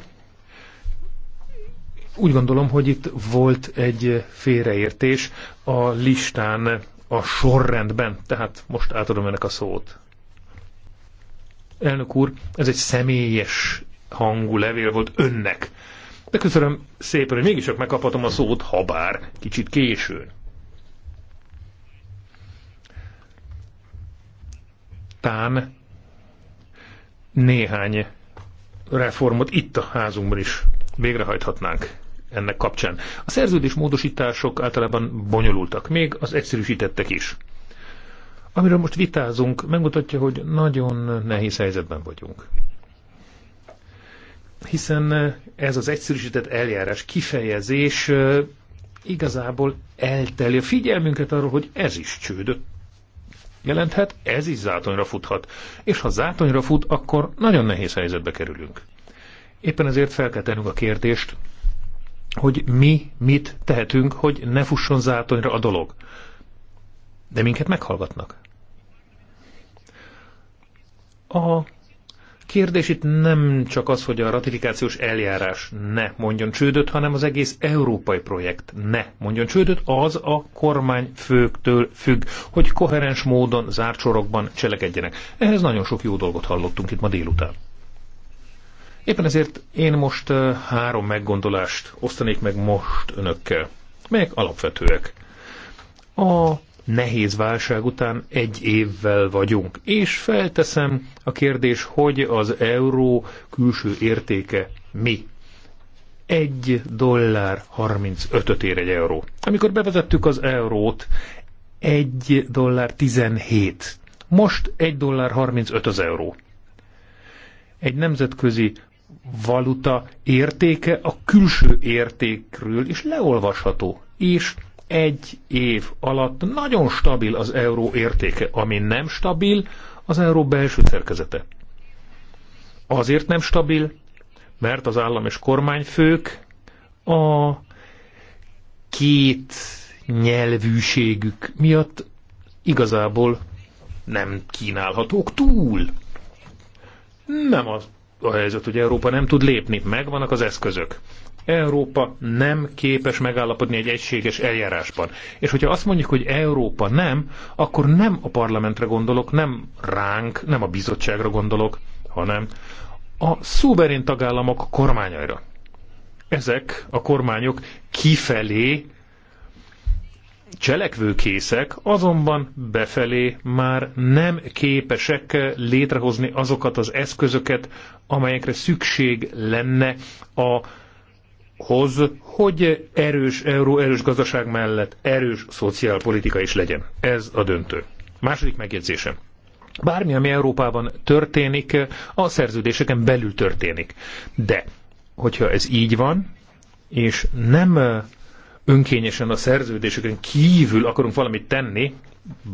A: Úgy gondolom, hogy itt volt egy félreértés a listán, a sorrendben, tehát most átadom ennek a szót. Elnök úr, ez egy személyes hangú levél volt önnek. De köszönöm szépen, hogy mégis csak megkaphatom a szót, ha bár kicsit későn. Tán néhány reformot itt a házunkban is végrehajthatnánk ennek kapcsán. A szerződés módosítások általában bonyolultak, még az egyszerűsítettek is. Amiről most vitázunk, megmutatja, hogy nagyon nehéz helyzetben vagyunk. Hiszen eh, ez az egyszerűsített eljárás kifejezés eh, igazából elteli a figyelmünket arról, hogy ez is csőd, jelenthet, ez is zátonyra futhat. És ha zátonyra fut, akkor nagyon nehéz helyzetbe kerülünk. Éppen ezért fel kell tennünk a kérdést, hogy mi mit tehetünk, hogy ne fusson zátonyra a dolog. De minket meghallgatnak. A kérdés itt nem csak az, hogy a ratifikációs eljárás ne mondjon csődöt, hanem az egész európai projekt ne mondjon csődöt, az a kormány főktől függ, hogy koherens módon, zárt sorokban cselekedjenek. Ehhez nagyon sok jó dolgot hallottunk itt ma délután. Éppen ezért én most három meggondolást osztanék meg most önökkel, melyek alapvetőek. A nehéz válság után egy évvel vagyunk. És felteszem a kérdés, hogy az euró külső értéke mi? Egy dollár 35-öt ér egy euró. Amikor bevezettük az eurót, egy dollár 17. Most egy dollár 35 az euró. Egy nemzetközi valuta értéke a külső értékről is leolvasható, és egy év alatt nagyon stabil az euró értéke, ami nem stabil, az euró belső szerkezete. Azért nem stabil, mert az állam és kormányfők a két nyelvűségük miatt igazából nem kínálhatók túl. Nem az a helyzet, hogy Európa nem tud lépni, megvannak az eszközök. Európa nem képes megállapodni egy egységes eljárásban. És hogyha azt mondjuk, hogy Európa nem, akkor nem a parlamentre gondolok, nem ránk, nem a bizottságra gondolok, hanem a szuverén tagállamok kormányaira. Ezek a kormányok kifelé cselekvőkészek, azonban befelé már nem képesek létrehozni azokat az eszközöket, amelyekre szükség lenne a hoz, hogy erős euró, erős gazdaság mellett erős szociálpolitika is legyen. Ez a döntő. Második megjegyzésem. Bármi, ami Európában történik, a szerződéseken belül történik. De, hogyha ez így van, és nem önkényesen a szerződéseken kívül akarunk valamit tenni,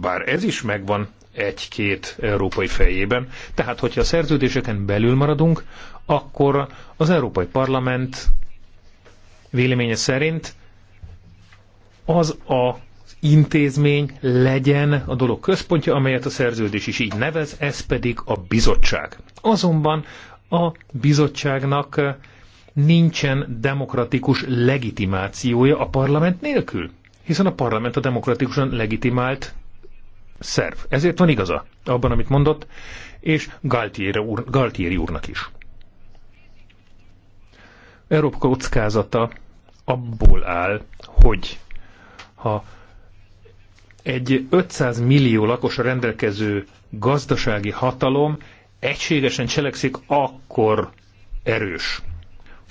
A: bár ez is megvan egy-két európai fejében, tehát hogyha a szerződéseken belül maradunk, akkor az Európai Parlament véleménye szerint az a intézmény legyen a dolog központja, amelyet a szerződés is így nevez, ez pedig a bizottság. Azonban a bizottságnak nincsen demokratikus legitimációja a parlament nélkül, hiszen a parlament a demokratikusan legitimált szerv. Ezért van igaza abban, amit mondott, és Galtieri, úr, Galtieri úrnak is. Európa kockázata abból áll, hogy ha egy 500 millió lakosra rendelkező gazdasági hatalom egységesen cselekszik, akkor erős.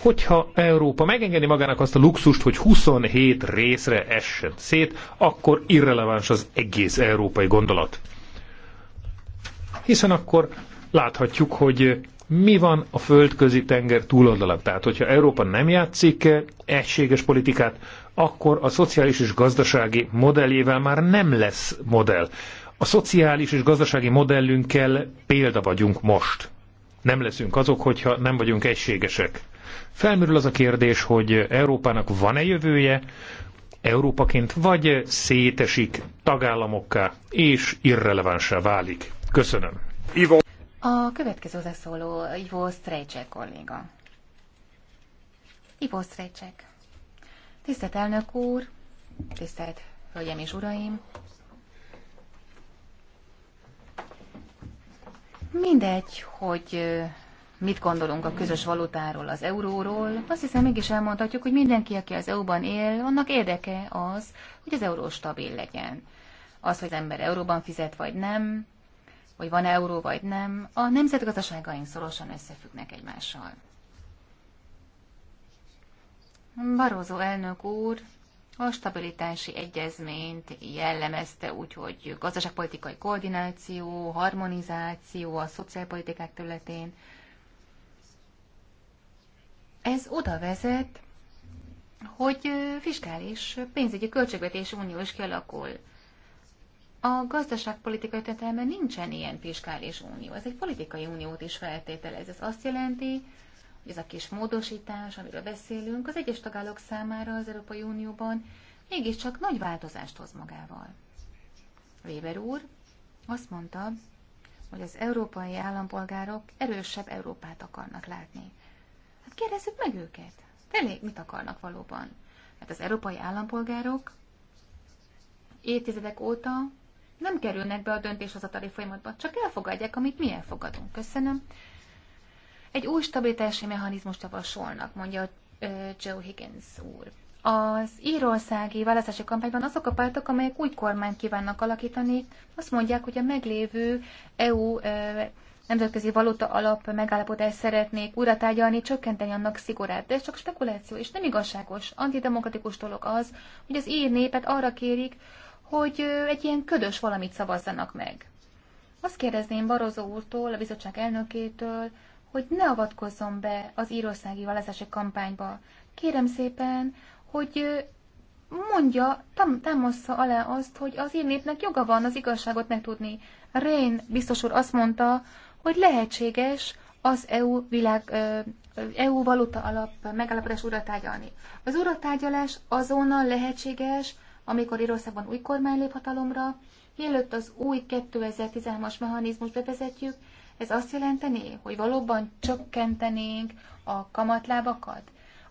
A: Hogyha Európa megengedi magának azt a luxust, hogy 27 részre essen szét, akkor irreleváns az egész európai gondolat. Hiszen akkor láthatjuk, hogy mi van a földközi tenger túloldalán. Tehát, hogyha Európa nem játszik egységes politikát, akkor a szociális és gazdasági modelljével már nem lesz modell. A szociális és gazdasági modellünkkel példa vagyunk most. Nem leszünk azok, hogyha nem vagyunk egységesek. Felmerül az a kérdés, hogy Európának van-e jövője, Európaként, vagy szétesik tagállamokká és irrelevánsá válik. Köszönöm. Ivo.
C: A következő hozzászóló Ivo Strejcsek kolléga. Ivo Strejcsek. Tisztelt elnök úr, tisztelt hölgyem és uraim, Mindegy, hogy mit gondolunk a közös valutáról, az euróról, azt hiszem mégis elmondhatjuk, hogy mindenki, aki az EU-ban él, annak érdeke az, hogy az euró stabil legyen. Az, hogy az ember euróban fizet vagy nem, hogy van euró vagy nem, a nemzetgazdaságaink szorosan összefüggnek egymással. Barózó elnök úr a stabilitási egyezményt jellemezte úgy, hogy gazdaságpolitikai koordináció, harmonizáció a szociálpolitikák területén. Ez oda vezet, hogy fiskális pénzügyi költségvetési unió is kialakul. A gazdaságpolitikai történelemben nincsen ilyen fiskális unió. Ez egy politikai uniót is feltételez. Ez azt jelenti, hogy ez a kis módosítás, amiről beszélünk, az egyes tagállamok számára az Európai Unióban mégiscsak nagy változást hoz magával. Weber úr azt mondta, hogy az európai állampolgárok erősebb Európát akarnak látni. Hát kérdezzük meg őket. Tényleg mit akarnak valóban? Hát az európai állampolgárok évtizedek óta nem kerülnek be a döntéshozatali folyamatba, csak elfogadják, amit mi elfogadunk. Köszönöm. Egy új stabilitási mechanizmust javasolnak, mondja Joe Higgins úr. Az írországi választási kampányban azok a pártok, amelyek új kormányt kívánnak alakítani, azt mondják, hogy a meglévő EU nemzetközi valuta alap megállapodást szeretnék újra tárgyalni, csökkenteni annak szigorát. De ez csak spekuláció, és nem igazságos, antidemokratikus dolog az, hogy az ír népet arra kérik, hogy egy ilyen ködös valamit szavazzanak meg. Azt kérdezném Barozó úrtól, a bizottság elnökétől, hogy ne avatkozzon be az írországi választási kampányba. Kérem szépen, hogy mondja, tam, támaszza alá azt, hogy az én népnek joga van az igazságot megtudni. Rén biztos úr azt mondta, hogy lehetséges az EU, világ, EU valuta alap megállapodás uratágyalni. Az uratágyalás azonnal lehetséges amikor Írországban új kormány lép hatalomra, mielőtt az új 2013-as mechanizmust bevezetjük, ez azt jelenteni, hogy valóban csökkentenénk a kamatlábakat?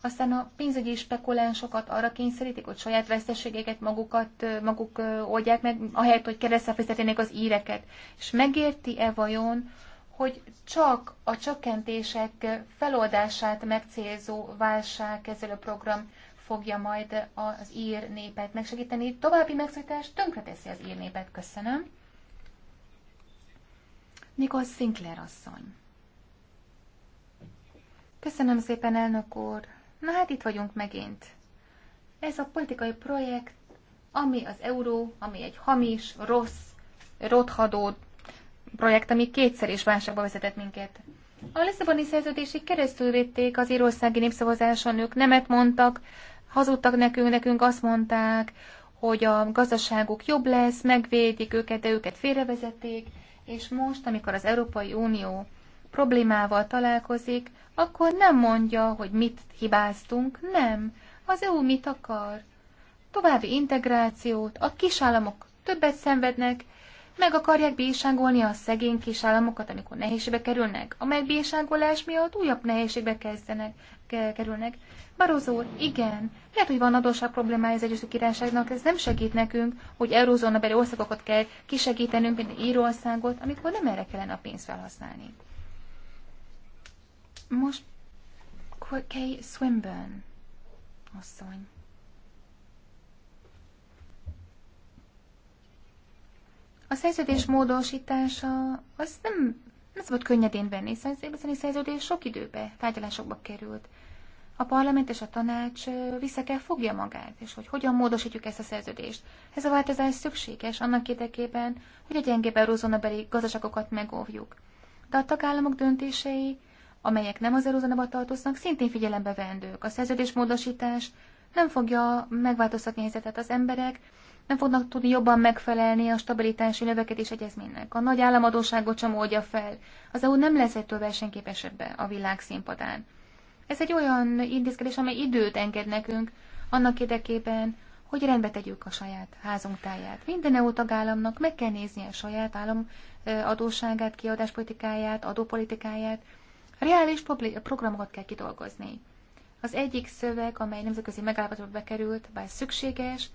C: Aztán a pénzügyi spekulánsokat arra kényszerítik, hogy saját veszteségeket magukat, maguk oldják meg, ahelyett, hogy keresztül fizetnének az íreket. És megérti-e vajon, hogy csak a csökkentések feloldását megcélzó válságkezelő program fogja majd az ír népet megsegíteni. További megszakítás tönkreteszi az ír népet. Köszönöm. Nikol Sinclair asszony. Köszönöm szépen, elnök úr. Na hát itt vagyunk megint. Ez a politikai projekt, ami az euró, ami egy hamis, rossz, rothadó projekt, ami kétszer is válságba vezetett minket. A Lisszaboni szerződésig keresztül vették az írországi népszavazáson, ők nemet mondtak, hazudtak nekünk, nekünk azt mondták, hogy a gazdaságuk jobb lesz, megvédik őket, de őket félrevezették, és most, amikor az Európai Unió problémával találkozik, akkor nem mondja, hogy mit hibáztunk, nem. Az EU mit akar? További integrációt, a kisállamok többet szenvednek, meg akarják bírságolni a szegény kisállamokat, amikor nehézségbe kerülnek. A megbírságolás miatt újabb nehézségbe kezdenek, kerülnek. Barozó úr, igen, lehet, hogy van adósság problémája az Egyesült Királyságnak, ez nem segít nekünk, hogy beli országokat kell kisegítenünk, mint Írországot, amikor nem erre kellene a pénzt felhasználni. Most Kay Swinburne asszony. A szerződés módosítása az nem, nem szabad könnyedén venni, hiszen a szerződés sok időbe, tárgyalásokba került a parlament és a tanács vissza kell fogja magát, és hogy hogyan módosítjuk ezt a szerződést. Ez a változás szükséges annak érdekében, hogy a gyengébb eurózónabeli gazdaságokat megóvjuk. De a tagállamok döntései, amelyek nem az eurózónába tartoznak, szintén figyelembe vendők. A módosítás nem fogja megváltoztatni a helyzetet az emberek, nem fognak tudni jobban megfelelni a stabilitási növekedés egyezménynek. A nagy államadóságot sem oldja fel. Az EU nem lesz ettől versenyképesebb a világ színpadán. Ez egy olyan intézkedés, amely időt enged nekünk annak érdekében, hogy rendbe tegyük a saját házunk táját. Minden EU tagállamnak meg kell néznie a saját állam adósságát, kiadáspolitikáját, adópolitikáját. Reális programokat kell kidolgozni. Az egyik szöveg, amely nemzetközi megállapotba bekerült, bár szükséges,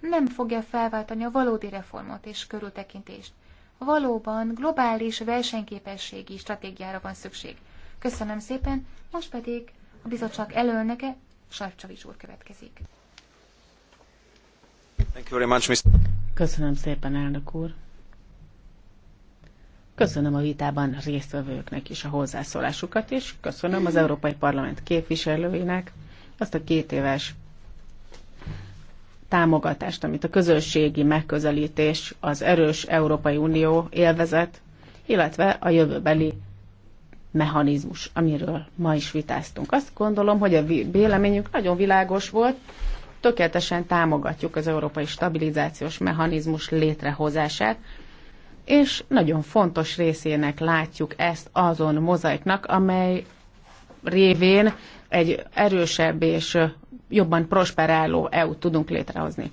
C: nem fogja felváltani a valódi reformot és körültekintést. Valóban globális versenyképességi stratégiára van szükség. Köszönöm szépen, most pedig a bizottság elölnöke, Sarcsavics úr következik. Thank you very much, Mr.
B: Köszönöm szépen, elnök úr. Köszönöm a vitában résztvevőknek is a hozzászólásukat, és köszönöm az Európai Parlament képviselőinek azt a két éves támogatást, amit a közösségi megközelítés, az erős Európai Unió élvezet, illetve a jövőbeli mechanizmus, amiről ma is vitáztunk. Azt gondolom, hogy a véleményünk nagyon világos volt, tökéletesen támogatjuk az európai stabilizációs mechanizmus létrehozását, és nagyon fontos részének látjuk ezt azon mozaiknak, amely révén egy erősebb és jobban prosperáló eu tudunk létrehozni.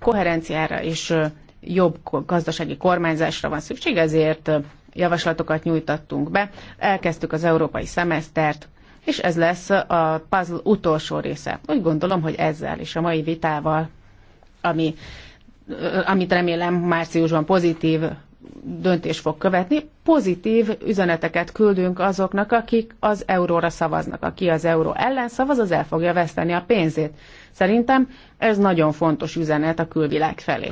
B: Koherenciára és jobb gazdasági kormányzásra van szükség, ezért javaslatokat nyújtattunk be. Elkezdtük az európai szemesztert, és ez lesz a puzzle utolsó része. Úgy gondolom, hogy ezzel és a mai vitával, ami, amit remélem márciusban pozitív döntés fog követni, pozitív üzeneteket küldünk azoknak, akik az euróra szavaznak. Aki az euró ellen szavaz, az el fogja veszteni a pénzét. Szerintem ez nagyon fontos üzenet a külvilág felé.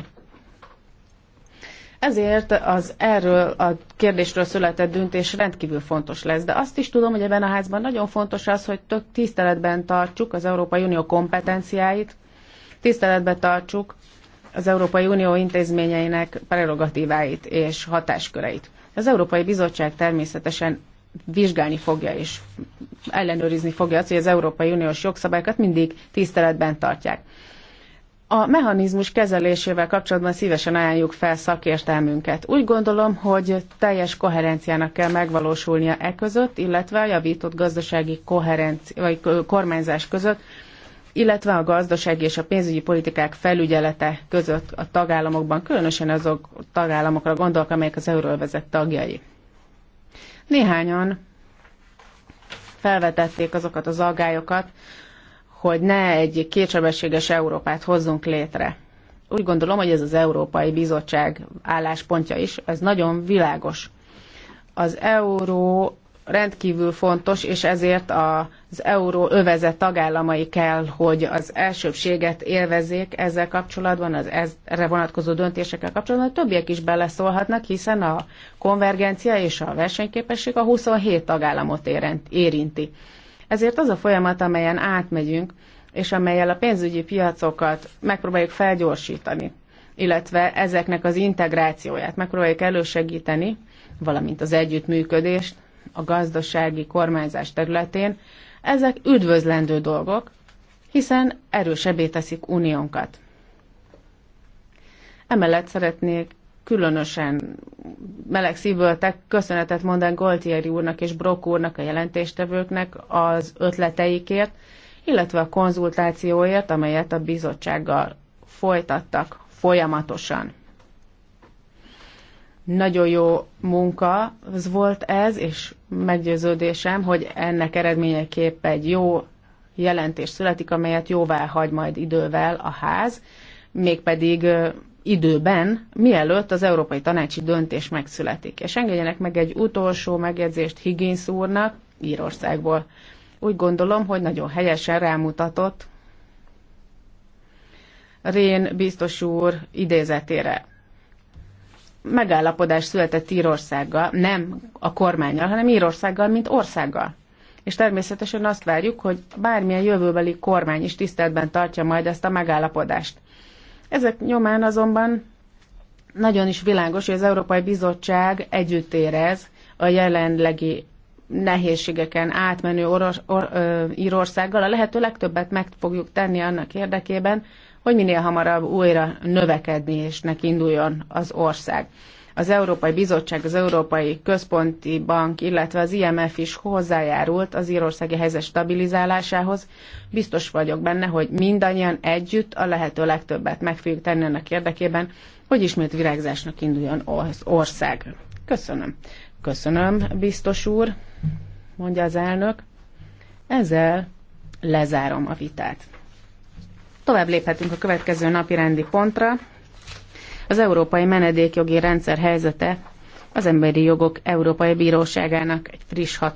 B: Ezért az erről a kérdésről született döntés rendkívül fontos lesz. De azt is tudom, hogy ebben a házban nagyon fontos az, hogy tök tiszteletben tartsuk az Európai Unió kompetenciáit, tiszteletben tartsuk az Európai Unió intézményeinek prerogatíváit és hatásköreit. Az Európai Bizottság természetesen vizsgálni fogja és ellenőrizni fogja azt, hogy az Európai Uniós jogszabályokat mindig tiszteletben tartják. A mechanizmus kezelésével kapcsolatban szívesen ajánljuk fel szakértelmünket. Úgy gondolom, hogy teljes koherenciának kell megvalósulnia e között, illetve a javított gazdasági koherenci- vagy kormányzás között, illetve a gazdasági és a pénzügyi politikák felügyelete között a tagállamokban, különösen azok tagállamokra gondolok, amelyek az euróvezet tagjai. Néhányan felvetették azokat az aggályokat, hogy ne egy kétsebességes Európát hozzunk létre. Úgy gondolom, hogy ez az Európai Bizottság álláspontja is, ez nagyon világos. Az euró rendkívül fontos, és ezért az euró övezet tagállamai kell, hogy az elsőbséget élvezzék ezzel kapcsolatban, az erre vonatkozó döntésekkel kapcsolatban, a többiek is beleszólhatnak, hiszen a konvergencia és a versenyképesség a 27 tagállamot érinti. Ezért az a folyamat, amelyen átmegyünk, és amelyel a pénzügyi piacokat megpróbáljuk felgyorsítani, illetve ezeknek az integrációját megpróbáljuk elősegíteni, valamint az együttműködést a gazdasági kormányzás területén, ezek üdvözlendő dolgok, hiszen erősebbé teszik uniónkat. Emellett szeretnék különösen meleg szívből köszönetet mondan Goltieri úrnak és Brok úrnak a jelentéstevőknek az ötleteikért, illetve a konzultációért, amelyet a bizottsággal folytattak folyamatosan. Nagyon jó munka az volt ez, és meggyőződésem, hogy ennek eredményeképp egy jó jelentés születik, amelyet jóvá hagy majd idővel a ház, mégpedig időben, mielőtt az Európai Tanácsi döntés megszületik. És engedjenek meg egy utolsó megjegyzést Higgins úrnak Írországból. Úgy gondolom, hogy nagyon helyesen rámutatott Rén biztos úr idézetére. Megállapodás született Írországgal, nem a kormányjal, hanem Írországgal, mint országgal és természetesen azt várjuk, hogy bármilyen jövőbeli kormány is tiszteletben tartja majd ezt a megállapodást. Ezek nyomán azonban nagyon is világos, hogy az Európai Bizottság együtt érez a jelenlegi nehézségeken átmenő orosz or, ö, Írországgal. A lehető legtöbbet meg fogjuk tenni annak érdekében, hogy minél hamarabb újra növekedni és neki induljon az ország. Az Európai Bizottság, az Európai Központi Bank, illetve az IMF is hozzájárult az írországi helyzet stabilizálásához. Biztos vagyok benne, hogy mindannyian együtt a lehető legtöbbet meg fogjuk tenni ennek érdekében, hogy ismét virágzásnak induljon az ország. Köszönöm. Köszönöm, biztos úr, mondja az elnök. Ezzel lezárom a vitát. Tovább léphetünk a következő napi rendi pontra az európai menedékjogi rendszer helyzete az Emberi Jogok Európai Bíróságának egy friss hat